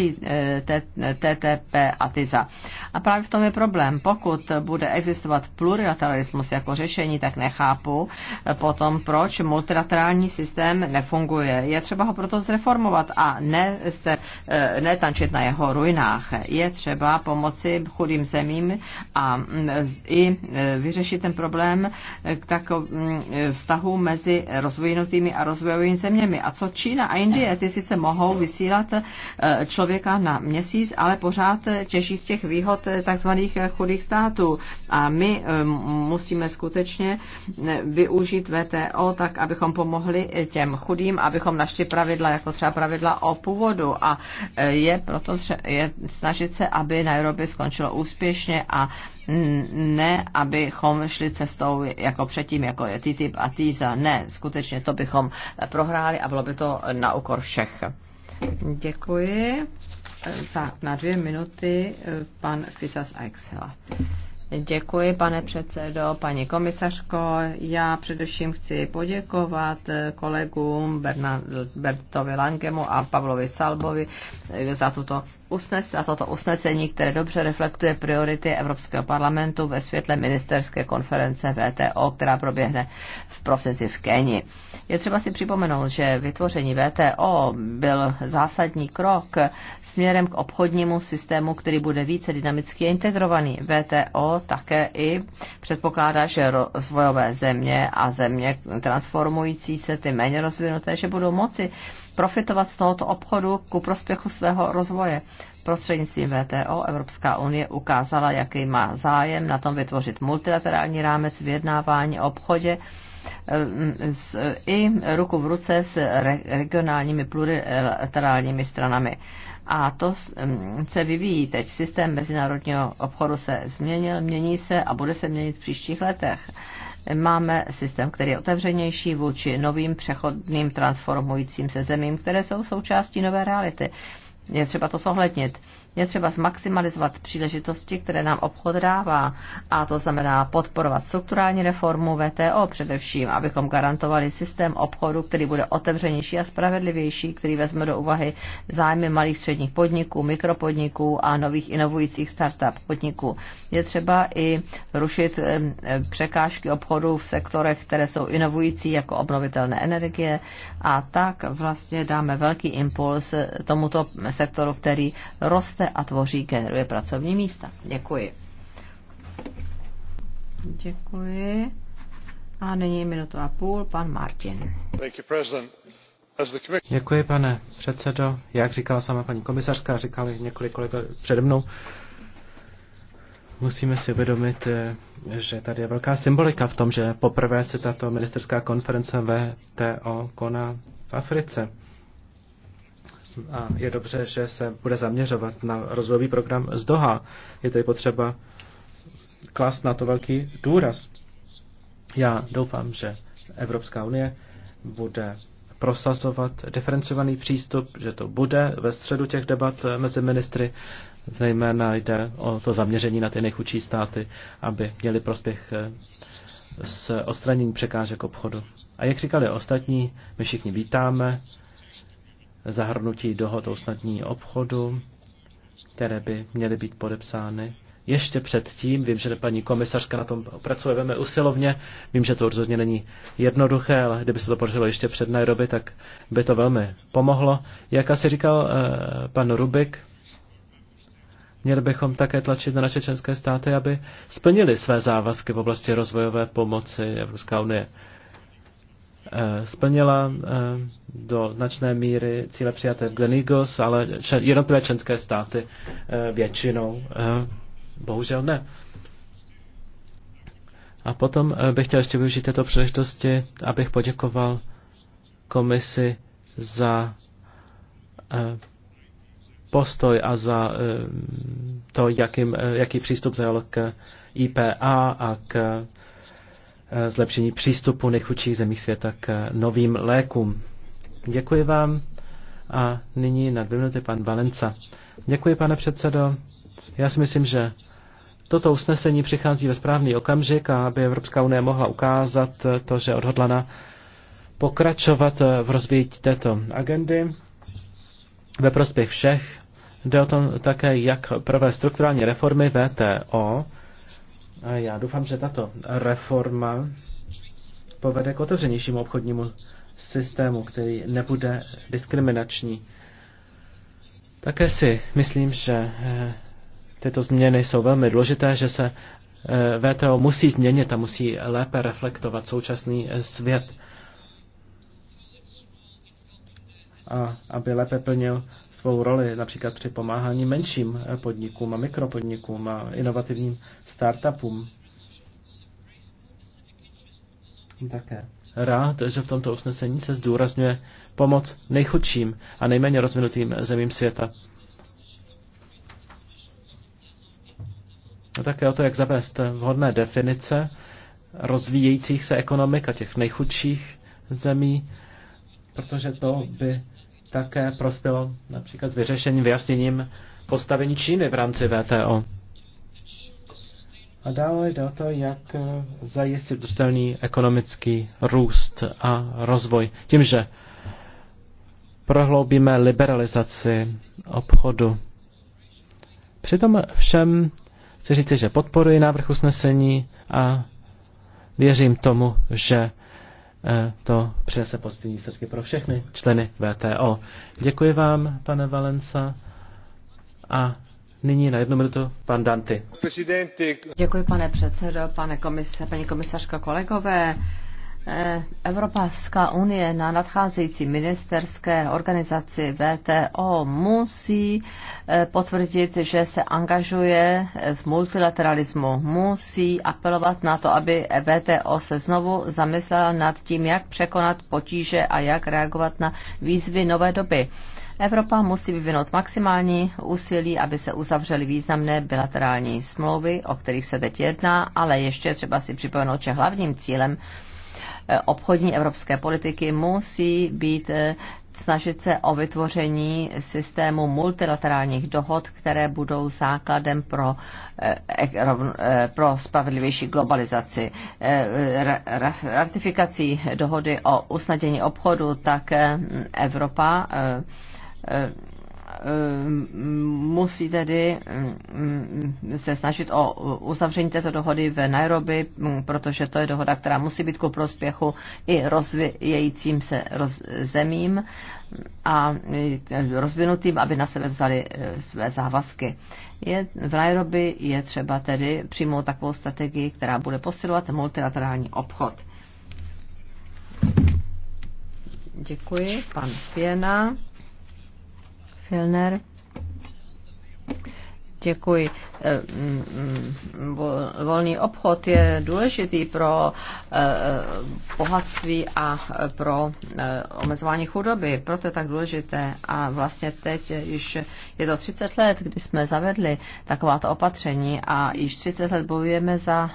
TTP eh, a TISA. A právě v tom je problém. Pokud bude existovat plurilateralismus jako řešení, tak nechápu potom, proč multilaterální systém nefunguje. Je třeba ho proto zreformovat a ne, se, eh, netančit na jeho ruinách. Je třeba pomoci chudým těm zemím a mm, i e, vyřešit ten problém e, k takov, mm, vztahu mezi rozvojnutými a rozvojovými zeměmi. A co Čína a Indie, ty sice mohou vysílat e, člověka na měsíc, ale pořád těší z těch výhod takzvaných chudých států. A my musíme skutečně využít VTO tak, abychom pomohli těm chudým, abychom našli pravidla, jako třeba pravidla o původu. A je proto tře- je snažit se, aby Nairobi skončilo úspěšně úspěšně a ne, abychom šli cestou jako předtím, jako je TTIP a TISA. Ne, skutečně to bychom prohráli a bylo by to na úkor všech. Děkuji. Za, e, na dvě minuty e, pan Fisas Aixela. Děkuji, pane předsedo, paní komisařko. Já především chci poděkovat kolegům Bertovi Langemu a Pavlovi Salbovi za, tuto usnes, za toto usnesení, které dobře reflektuje priority Evropského parlamentu ve světle ministerské konference VTO, která proběhne prosinci v Keni. Je třeba si připomenout, že vytvoření VTO byl zásadní krok směrem k obchodnímu systému, který bude více dynamicky integrovaný. VTO také i předpokládá, že rozvojové země a země transformující se ty méně rozvinuté, že budou moci profitovat z tohoto obchodu ku prospěchu svého rozvoje. Prostřednictvím VTO Evropská unie ukázala, jaký má zájem na tom vytvořit multilaterální rámec vyjednávání o obchodě i ruku v ruce s regionálními plurilaterálními stranami. A to se vyvíjí teď. Systém mezinárodního obchodu se změnil, mění se a bude se měnit v příštích letech máme systém, který je otevřenější vůči novým přechodným transformujícím se zemím, které jsou součástí nové reality. Je třeba to zohlednit. Je třeba zmaximalizovat příležitosti, které nám obchod dává, a to znamená podporovat strukturální reformu VTO především, abychom garantovali systém obchodu, který bude otevřenější a spravedlivější, který vezme do úvahy zájmy malých středních podniků, mikropodniků a nových inovujících startup podniků. Je třeba i rušit překážky obchodu v sektorech, které jsou inovující, jako obnovitelné energie, a tak vlastně dáme velký impuls tomuto sektoru, který roste roste a tvoří, generuje pracovní místa. Děkuji. Děkuji. A nyní minutu a půl, pan Martin. Děkuji, pane předsedo. Jak říkala sama paní komisařka, říkali několik kolegů přede mnou, musíme si uvědomit, eh, že tady je velká symbolika v tom, že poprvé se tato ministerská konference VTO koná v Africe a je dobře, že se bude zaměřovat na rozvojový program z Doha. Je tedy potřeba klást na to velký důraz. Já doufám, že Evropská unie bude prosazovat diferencovaný přístup, že to bude ve středu těch debat mezi ministry. Zejména jde o to zaměření na ty nejchudší státy, aby měli prospěch eh, s odstranění překážek obchodu. A jak říkali ostatní, my všichni vítáme zahrnutí dohod o snadní obchodu, které by měly být podepsány. Ještě předtím, vím, že paní komisařka na tom pracuje velmi usilovně, vím, že to rozhodně není jednoduché, ale kdyby se to podařilo ještě před Nairobi, tak by to velmi pomohlo. Jak asi říkal eh, pan Rubik, měli bychom také tlačit na naše členské státy, aby splnili své závazky v oblasti rozvojové pomoci Evropská unie. Eh, Eh, splnila eh, do značné míry cíle přijaté v Glenigos, ale jednotlivé členské státy eh, většinou bohužel ne. A potom bych chtěl ještě využít této příležitosti, abych poděkoval komisi za postoj a za to, jaký, jaký přístup zajal k IPA a k Eh, zlepšení přístupu nejchudších zemí světa k eh, novým lékům. Děkuji vám a nyní na dvě minuty pan Valenca. Děkuji, pane předsedo. Já si myslím, že toto usnesení přichází ve správný okamžik, aby Evropská unie mohla ukázat to, že odhodlana pokračovat eh, v rozvíjí této agendy ve prospěch všech. Jde o tom také, jak provést strukturální reformy VTO, a já doufám, že tato reforma povede k otevřenějšímu obchodnímu systému, který nebude diskriminační. Také si myslím, že eh, tyto změny jsou velmi důležité, že se eh, VTO musí změnit a musí lépe reflektovat současný eh, svět, a aby lépe plnil svou roli například při pomáhání menším podnikům a mikropodnikům a inovativním startupům. Také rád, že v tomto usnesení se zdůrazňuje pomoc nejchudším a nejméně rozvinutým zemím světa. A také o to, jak zavést vhodné definice rozvíjejících se ekonomik a těch nejchudších zemí, protože to by také prospělo například s vyřešením, vyjasněním postavení Číny v rámci VTO. A dále jde o to, jak eh, zajistit dostelný ekonomický růst a rozvoj. Tím, že prohloubíme liberalizaci obchodu. Přitom všem chci říci, že podporuji návrh usnesení a věřím tomu, že Eh, to přinese pozitivní výsledky pro všechny členy VTO. Děkuji vám, pane Valenca. A nyní na jednu minutu pan Danty. Děkuji, pane předsedo, pane komise, paní komisařko, kolegové. Eh, Evropská unie na nadcházející ministerské organizaci VTO musí eh, potvrdit, že se angažuje v multilateralismu. Musí apelovat na to, aby VTO se znovu zamyslela nad tím, jak překonat potíže a jak reagovat na výzvy nové doby. Evropa musí vyvinout maximální úsilí, aby se uzavřely významné bilaterální smlouvy, o kterých se teď jedná, ale ještě třeba si připomenout, že hlavním cílem Eh, obchodní evropské politiky musí být eh, snažit se o vytvoření systému multilaterálních dohod, které budou základem pro, eh, pro spravedlivější globalizaci. Ratifikací dohody o usnadění obchodu tak Evropa Eh, musí tedy eh, se snažit o uzavření této dohody v Nairobi, protože to je dohoda, která musí být ku prospěchu i rozvíjejícím se roz, zemím a rozvinutým, aby na sebe vzali eh, své závazky. Je, v Nairobi je třeba tedy přijmout takovou strategii, která bude posilovat multilaterální obchod. Děkuji, pan Spěna. Filner. Děkuji. Eh, mm, mm, volný obchod je důležitý pro eh, bohatství a eh, pro omezování chudoby. Proto je tak důležité. A vlastně teď již je to 30 let, kdy jsme zavedli takováto opatření a již 30 let bojujeme za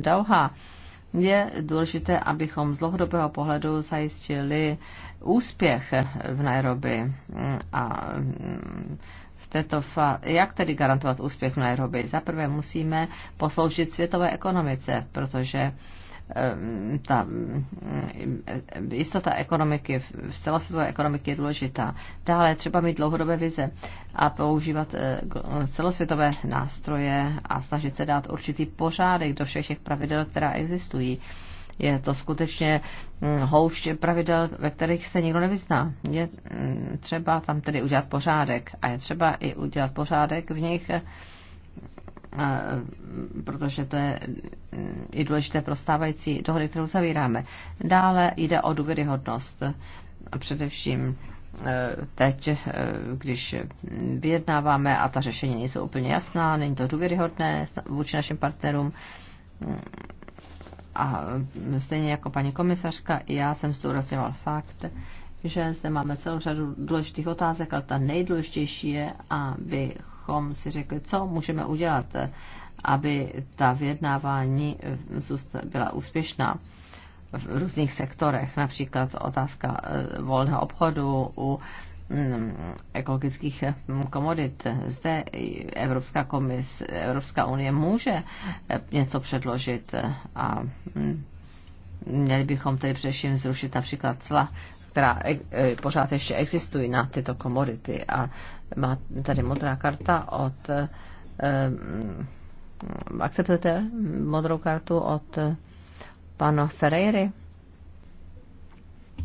Dauha je důležité, abychom z dlouhodobého pohledu zajistili úspěch v Nairobi a v této fa- jak tedy garantovat úspěch v Nairobi? Zaprvé musíme posloužit světové ekonomice, protože Ehm, ta ehm, jistota ekonomiky, celosvětové ekonomiky je důležitá. Dále třeba mít dlouhodobé vize a používat eh, celosvětové nástroje a snažit se dát určitý pořádek do všech těch pravidel, která existují. Je to skutečně hm, houšť pravidel, ve kterých se nikdo nevyzná. Je hm, třeba tam tedy udělat pořádek a je třeba i udělat pořádek v nich protože to je mm, i důležité pro stávající dohody, kterou zavíráme. Dále jde o důvěryhodnost. Především e, teď, e, když vyjednáváme a ta řešení nejsou úplně jasná, není to důvěryhodné vůči našim partnerům, a stejně jako paní komisařka, i já jsem zdůrazňoval fakt, že zde máme celou řadu důležitých otázek, ale ta nejdůležitější je, aby abychom si řekli, co můžeme udělat, aby ta vyjednávání byla úspěšná v různých sektorech, například otázka eh, volného obchodu u mm, ekologických mm, komodit. Zde Evropská komis, Evropská unie může eh, něco předložit eh, a mm, měli bychom tedy především zrušit například cla která e, e, pořád ještě existují na tyto komodity. A má tady modrá karta od. E, mm, akceptujete modrou kartu od pana Ferreiry?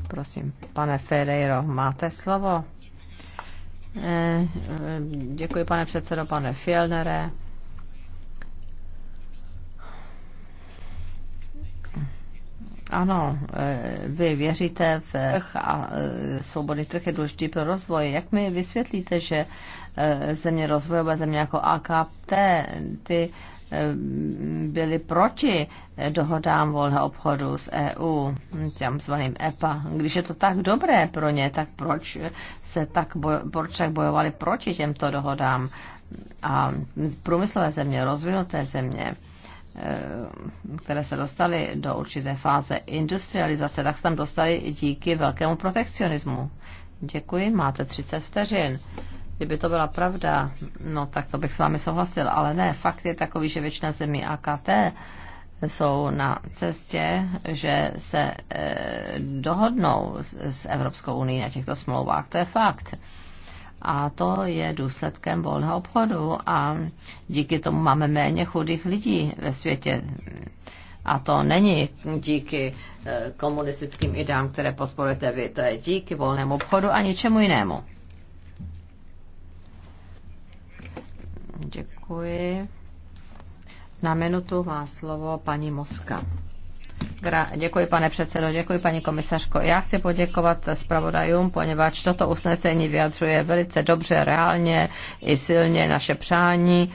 Prosím, pane Ferreiro, máte slovo. Děkuji, pane předsedo, pane Fielnere. Ano, eh, vy věříte v trh a eh, svobodný trh je důležitý pro rozvoj. Jak mi vysvětlíte, že eh, země rozvojové, země jako AKT, ty byli proti dohodám volného obchodu s EU, těm zvaným EPA. Když je to tak dobré pro ně, tak proč se tak, boj, proč tak bojovali proti těmto dohodám? A průmyslové země, rozvinuté země, Eh, které se dostaly do určité fáze industrializace, tak se tam dostali díky velkému protekcionismu. Děkuji, máte 30 vteřin. Kdyby to byla pravda, no tak to bych s vámi souhlasil, ale ne, fakt je takový, že většina zemí AKT jsou na cestě, že se e, dohodnou s, s Evropskou unii na těchto smlouvách. To je fakt a to je důsledkem volného obchodu a díky tomu máme méně chudých lidí ve světě. A to není díky eh, komunistickým ideám, které podporujete vy, to je díky volnému obchodu a ničemu jinému. Děkuji. Na minutu má slovo paní Moska. Děkuji, pane předsedo, děkuji, paní komisařko. Já chci poděkovat zpravodajům, poněvadž toto usnesení vyjadřuje velice dobře, reálně i silně naše přání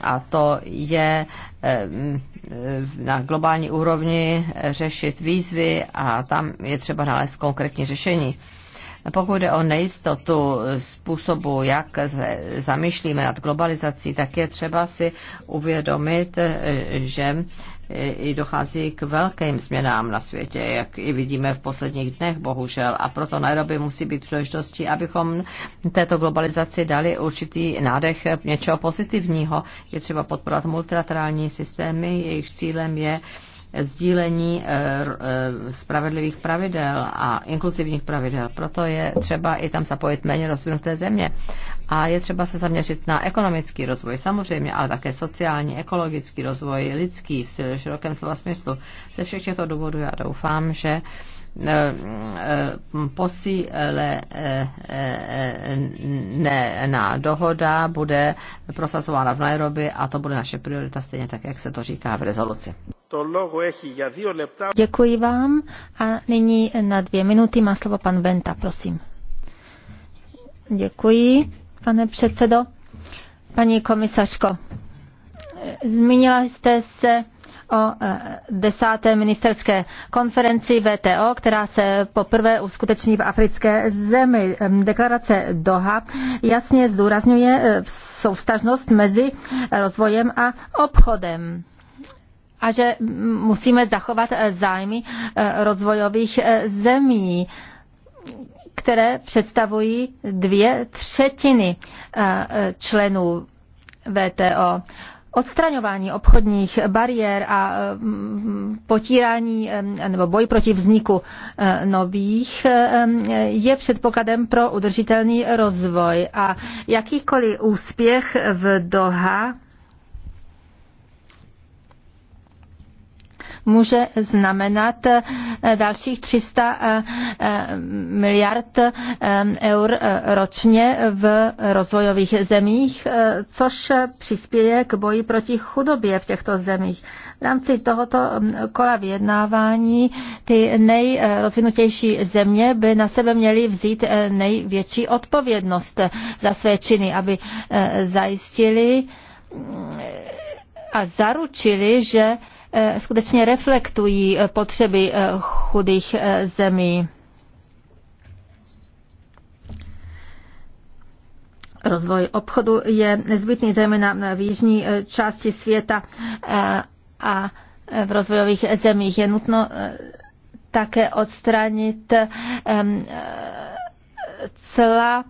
a to je eh, na globální úrovni řešit výzvy a tam je třeba nalézt konkrétní řešení. Pokud jde o nejistotu způsobu, jak zamýšlíme nad globalizací, tak je třeba si uvědomit, eh, že i dochází k velkým změnám na světě, jak i vidíme v posledních dnech, bohužel. A proto Nairobi musí být příležitostí, abychom této globalizaci dali určitý nádech něčeho pozitivního. Je třeba podporovat multilaterální systémy, jejich cílem je eh, sdílení eh, eh, spravedlivých pravidel a inkluzivních pravidel. Proto je třeba i tam zapojit méně rozvinuté země. A je třeba se zaměřit na ekonomický rozvoj samozřejmě, ale také sociální, ekologický rozvoj, lidský v širokém slova smyslu. Ze všech těchto důvodů já doufám, že eh, posíle ne, na dohoda bude prosazována v Nairobi a to bude naše priorita, stejně tak, jak se to říká v rezoluci. Děkuji vám a nyní na dvě minuty má slovo pan Venta, prosím. Děkuji, pane předsedo. Paní komisařko, zmínila jste se o e, desáté ministerské konferenci VTO, která se poprvé uskuteční v africké zemi. Deklarace Doha jasně zdůrazňuje e, soustažnost mezi rozvojem a obchodem a že musíme zachovat eh, zájmy eh, rozvojových eh, zemí které představují dvě třetiny členů VTO. Odstraňování obchodních bariér a mm, potírání nebo boj proti vzniku nových je předpokladem pro udržitelný rozvoj a jakýkoliv úspěch v Doha může znamenat eh, dalších 300 eh, eh, miliard eur ročně v rozvojových zemích, což přispěje k boji proti chudobě v těchto zemích. V rámci tohoto mm, kola vyjednávání ty nejrozvinutější země by na sebe měly vzít největší odpovědnost za své činy, aby zajistili mm, a zaručili, že Eh, skutečně reflektují eh, potřeby eh, chudých zemí. Rozvoj obchodu je nezbytný zejména v jižní části světa a v rozvojových zemích. Je nutno také odstranit celá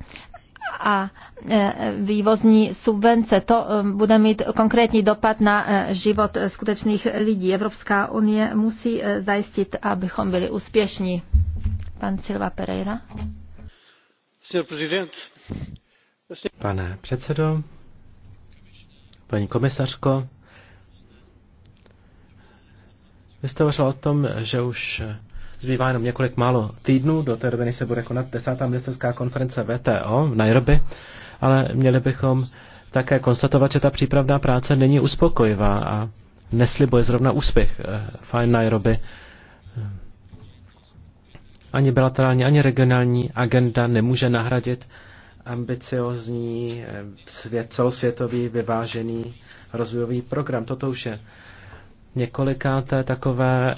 a e, vývozní subvence. To e, bude mít konkrétní dopad na e, život skutečných lidí. Evropská unie musí zajistit, abychom byli úspěšní. Pan Silva Pereira. Pane předsedo, paní komisařko, vy jste hovořila o tom, že už Zbývá jenom několik málo týdnů, do té doby, se bude konat desátá ministerská konference VTO v Nairobi, ale měli bychom také konstatovat, že ta přípravná práce není uspokojivá a neslibuje zrovna úspěch eh, Fine Nairobi. Eh, ani bilaterální, ani regionální agenda nemůže nahradit ambiciozní, eh, svět, celosvětový, vyvážený rozvojový program. Toto už je několikáté takové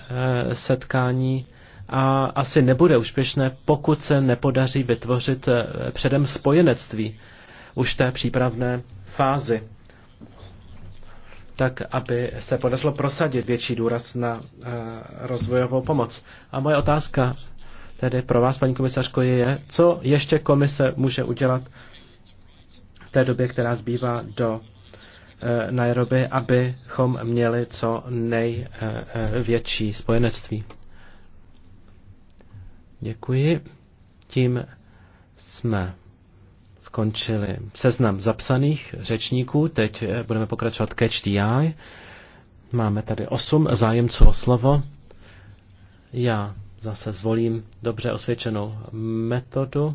setkání a asi nebude úspěšné, pokud se nepodaří vytvořit eh, předem spojenectví už té přípravné fázi tak aby se podařilo prosadit větší důraz na eh, rozvojovou pomoc. A moje otázka tedy pro vás, paní komisařko, je, co ještě komise může udělat v té době, která zbývá do eh, Nairobi, abychom měli co největší spojenectví. Děkuji. Tím jsme skončili seznam zapsaných řečníků. Teď eh, budeme pokračovat Catch the Eye. Máme tady osm zájemců o slovo. Já zase zvolím dobře osvědčenou metodu,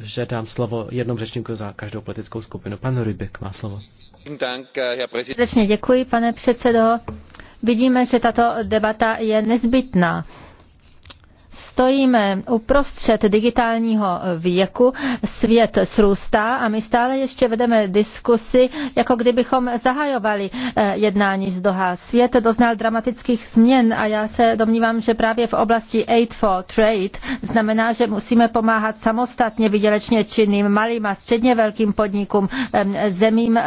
že dám slovo jednom řečníku za každou politickou skupinu. Pan Rybek má slovo. děkuji, pane předsedo. Vidíme, že tato debata je nezbytná Stojíme uprostřed digitálního věku, svět srůstá a my stále ještě vedeme diskusy, jako kdybychom zahajovali eh, jednání z Doha. Svět doznal dramatických změn a já se domnívám, že právě v oblasti Aid for Trade znamená, že musíme pomáhat samostatně vydělečně činným malým a středně velkým podnikům, zemím eh,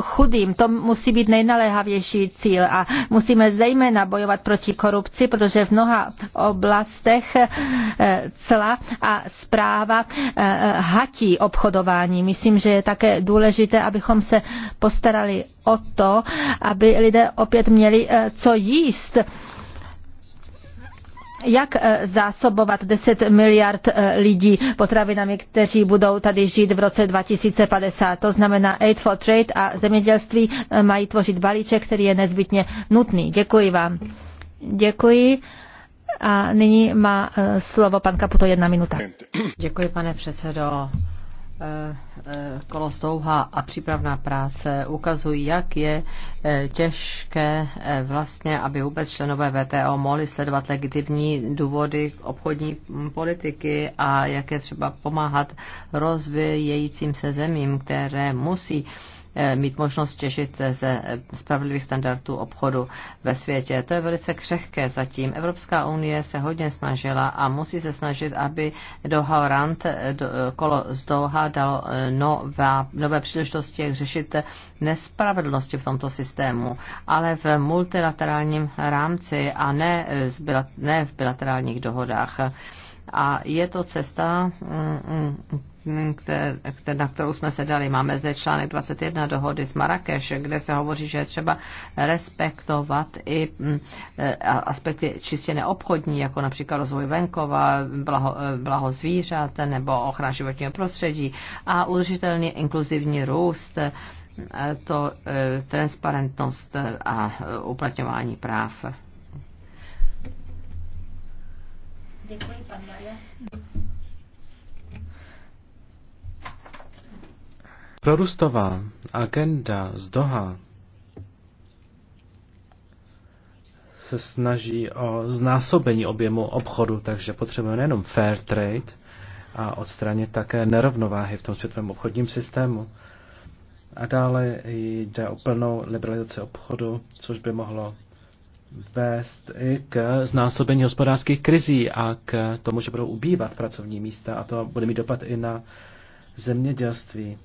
chudým. To musí být nejnaléhavější cíl a musíme zejména bojovat proti korupci, protože v mnoha oblastech oblastech eh, cla a zpráva eh, hatí obchodování. Myslím, že je také důležité, abychom se postarali o to, aby lidé opět měli eh, co jíst jak zásobovat 10 miliard lidí potravinami, kteří budou tady žít v roce 2050. To znamená Aid for Trade a zemědělství mají tvořit balíček, který je nezbytně nutný. Děkuji vám. Děkuji. A nyní má eh, slovo pan Kaputo jedna minuta. Děkuji, pane předsedo eh, eh, Kolostouha a přípravná práce ukazují, jak je těžké vlastně, aby vůbec členové VTO mohli sledovat legitimní důvody obchodní mm, politiky a jak je třeba pomáhat rozvíjejícím se zemím, které musí Eh, mít možnost těžit ze spravedlivých standardů obchodu ve světě. To je velice křehké zatím. Evropská unie se hodně snažila a musí se snažit, aby eh, do Haurant eh, do, kolo z Doha dalo nová, nové příležitosti, jak řešit nespravedlnosti v tomto systému, ale v multilaterálním rámci a ne, ne v bilaterálních dohodách a je to cesta, mm, mm, na kterou jsme se dali. Máme zde článek 21 dohody z Marrakeš, kde se hovoří, že je třeba respektovat i mm, e, aspekty čistě neobchodní, jako například rozvoj venkova, blaho, e, blaho zvířat nebo ochrana životního prostředí a udržitelný inkluzivní růst e, to transparentnost a uplatňování práv. Děkuji, pan Maria. Prorůstová agenda z Doha se snaží o znásobení objemu obchodu, takže potřebujeme nejenom fair trade a odstranit také nerovnováhy v tom světovém obchodním systému. A dále jde o plnou liberalizaci obchodu, což by mohlo vést i k znásobení hospodářských krizí a k tomu, že budou ubývat pracovní místa a to bude mít dopad i na zemědělství.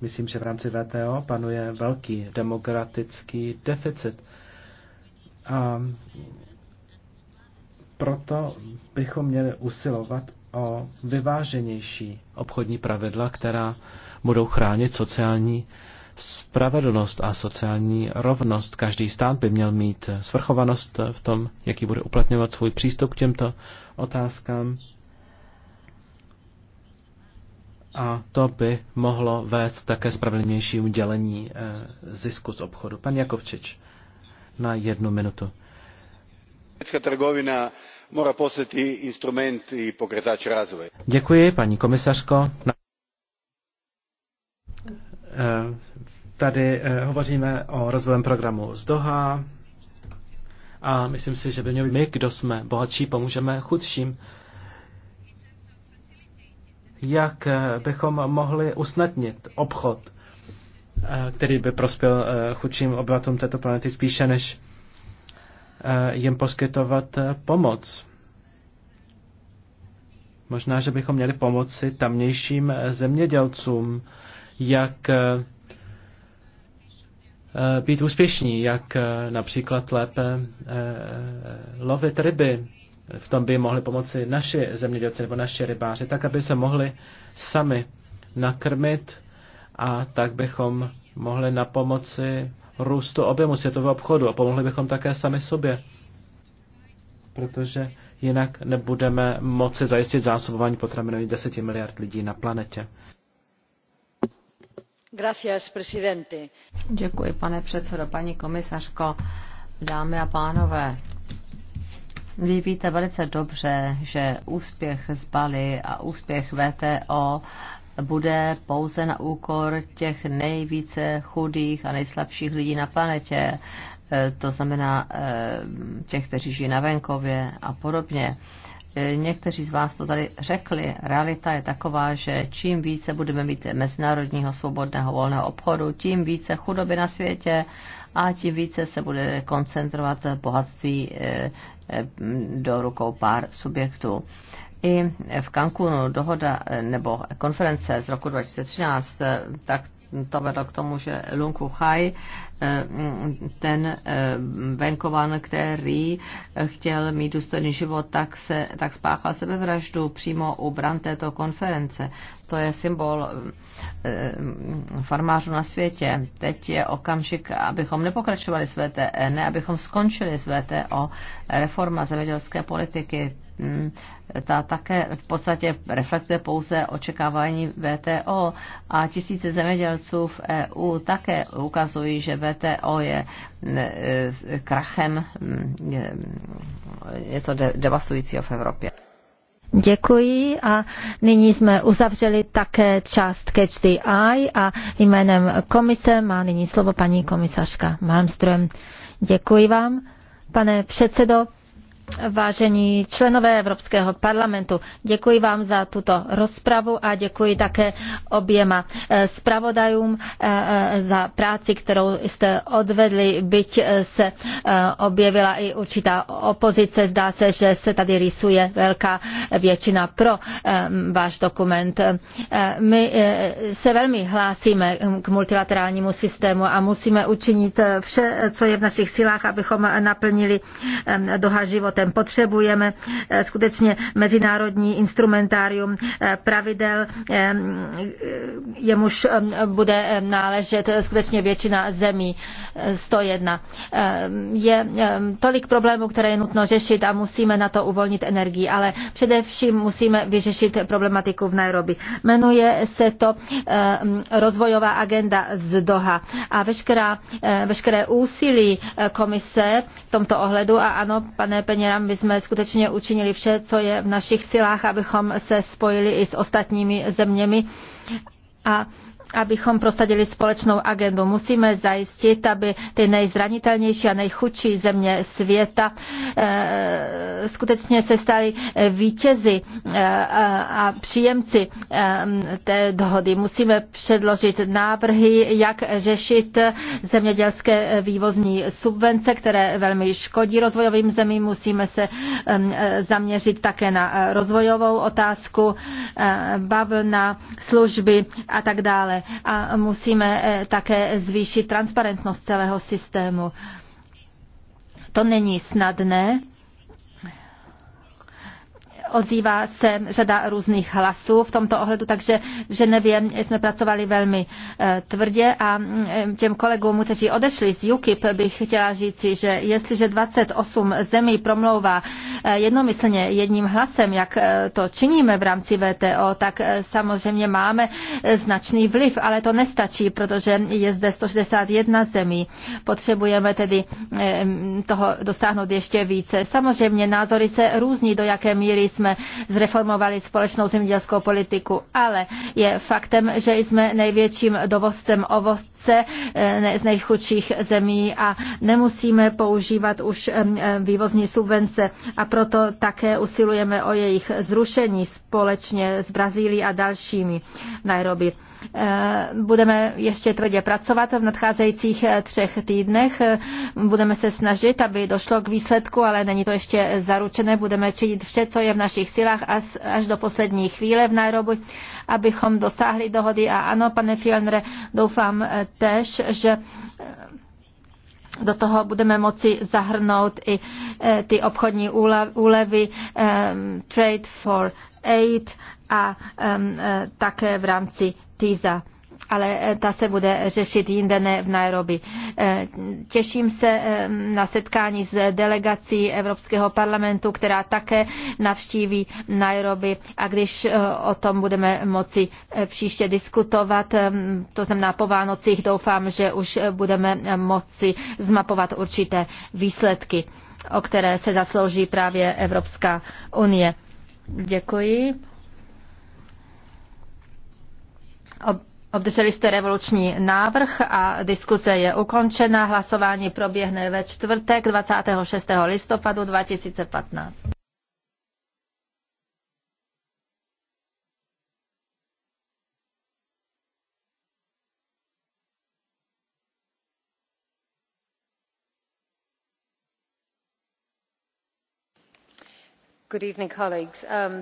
Myslím, že v rámci VTO panuje velký demokratický deficit. A proto bychom měli usilovat o vyváženější obchodní pravidla, která budou chránit sociální spravedlnost a sociální rovnost. Každý stát by měl mít svrchovanost v tom, jaký bude uplatňovat svůj přístup k těmto otázkám. A to by mohlo vést také spravedlnějšímu dělení eh, zisku z obchodu. Pan Jakovčič, na jednu minutu. trgovina mora postati instrument i pokretač razvoja. Děkuji, paní komisařko. Eh, Tady eh, hovoříme o rozvojem programu z Doha a myslím si, že by měli my, kdo jsme bohatší, pomůžeme chudším. Jak eh, bychom mohli usnadnit obchod, eh, který by prospěl chudším obyvatelům této planety spíše než jim poskytovat pomoc. Možná, že bychom měli pomoci tamnějším zemědělcům, jak Eh, být úspěšní, jak eh, například lépe eh, lovit ryby. V tom by mohli pomoci naši zemědělci nebo naši rybáři, tak aby se mohli sami nakrmit a tak bychom mohli na pomoci růstu objemu světového obchodu a pomohli bychom také sami sobě, protože jinak nebudeme moci zajistit zásobování potravinových 10 miliard lidí na planetě. Děkuji, pane předsedající paní komisařko, dámy a pánové. Vy víte velice dobře, že úspěch z Bali a úspěch WTO bude pouze na úkor těch nejvíce chudých a nejslabších lidí na planetě, eh, to znamená eh, těch, kteří žijí na venkově a podobně. E, někteří z vás to tady řekli, realita je taková, že čím více budeme mít mezinárodního svobodného volného obchodu, tím více chudoby na světě a tím více se bude koncentrovat bohatství e, e, do rukou pár subjektů. I v Cancunu dohoda nebo konference z roku 2013, tak to vedlo k tomu, že Lung Chai, eh, ten eh, venkovan, který eh, chtěl mít důstojný život, tak, se, tak spáchal sebevraždu přímo u bran této konference. To je symbol farmářů na světě. Teď je okamžik, abychom nepokračovali s VTE, ne abychom skončili s VTO. Reforma zemědělské politiky, Mm, ta také v podstatě reflektuje pouze očekávání VTO a tisíce zemědělců v EU také ukazují, že VTO je mm, e, krachem mm, něco devastujícího v Evropě. Děkuji a nyní jsme uzavřeli také část Catch the Eye a jménem komise má nyní slovo paní komisařka Malmström. Děkuji vám, pane předsedo. Vážení členové Evropského parlamentu, děkuji vám za tuto rozpravu a děkuji také oběma eh, zpravodajům eh, eh, za práci, kterou jste odvedli, byť se objevila i určitá opozice. Zdá se, že se tady rýsuje velká většina pro váš dokument. My se velmi hlásíme k multilaterálnímu systému a musíme učinit vše, co je v našich silách, abychom naplnili doha života tématem. Potřebujeme eh, skutečně mezinárodní instrumentárium eh, pravidel, eh, jemuž bude náležet skutečně většina zemí 101. Je tolik problémů, které je nutno řešit a musíme na to uvolnit energii, ale především musíme vyřešit problematiku v Nairobi. Jmenuje se to rozvojová agenda z Doha a veškerá, veškeré úsilí komise v tomto ohledu a ano, pane Peně, změnám. My jsme skutečně učinili vše, co je v našich silách, abychom se spojili i s ostatními zeměmi a abychom prosadili společnou agendu. Musíme zajistit, aby ty nejzranitelnější a nejchudší země světa eh, skutečně se staly eh, vítězi eh, a příjemci té dohody. Musíme předložit návrhy, jak řešit zemědělské vývozní subvence, které velmi škodí rozvojovým zemím. Musíme se zaměřit také na rozvojovou otázku, bavlna, služby a tak dále a musíme eh, také zvýšit transparentnost celého systému. To není snadné ozývá se řada různých hlasů v tomto ohledu, takže v Ženevě jsme pracovali velmi eh, tvrdě a mm, eh, těm kolegům, kteří odešli z UKIP, bych chtěla říci, že jestliže 28 zemí promlouvá eh, jednomyslně jedním hlasem, jak to činíme v rámci VTO, tak samozřejmě máme značný vliv, ale to nestačí, protože je zde 161 zemí. Potřebujeme tedy toho dosáhnout ještě více. Samozřejmě názory se různí, do jaké míry jsme jsme zreformovali společnou zemědělskou politiku, ale je faktem, že jsme největším dovozcem ovoce vývozce eh, z nejchudších zemí a nemusíme používat už eh, vývozní subvence a proto také usilujeme o jejich zrušení společně s Brazílií a dalšími v Nairobi. Eh, budeme ještě tvrdě pracovat v nadcházejících třech týdnech. Budeme se snažit, aby došlo k výsledku, ale není to ještě zaručené. Budeme činit vše, co je v našich silách až do poslední chvíle v Nairobi, abychom dosáhli dohody. A ano, pane Fielnere, doufám tež, že eh, do toho budeme moci zahrnout i eh, ty obchodní úlevy eh, Trade for Aid a také v rámci TISA ale eh, ta se bude řešit jinde, ne v Nairobi. Eh, těším se eh, na setkání s delegací Evropského parlamentu, která také navštíví Nairobi a když o tom budeme moci příště diskutovat, to znamená po Vánocích, doufám, že už budeme moci zmapovat určité výsledky, o které se zaslouží právě Evropská unie. Děkuji. Obdrželi jste revoluční návrh a diskuse je ukončena. Hlasování proběhne ve čtvrtek 26. listopadu 2015. Good evening, colleagues. Um...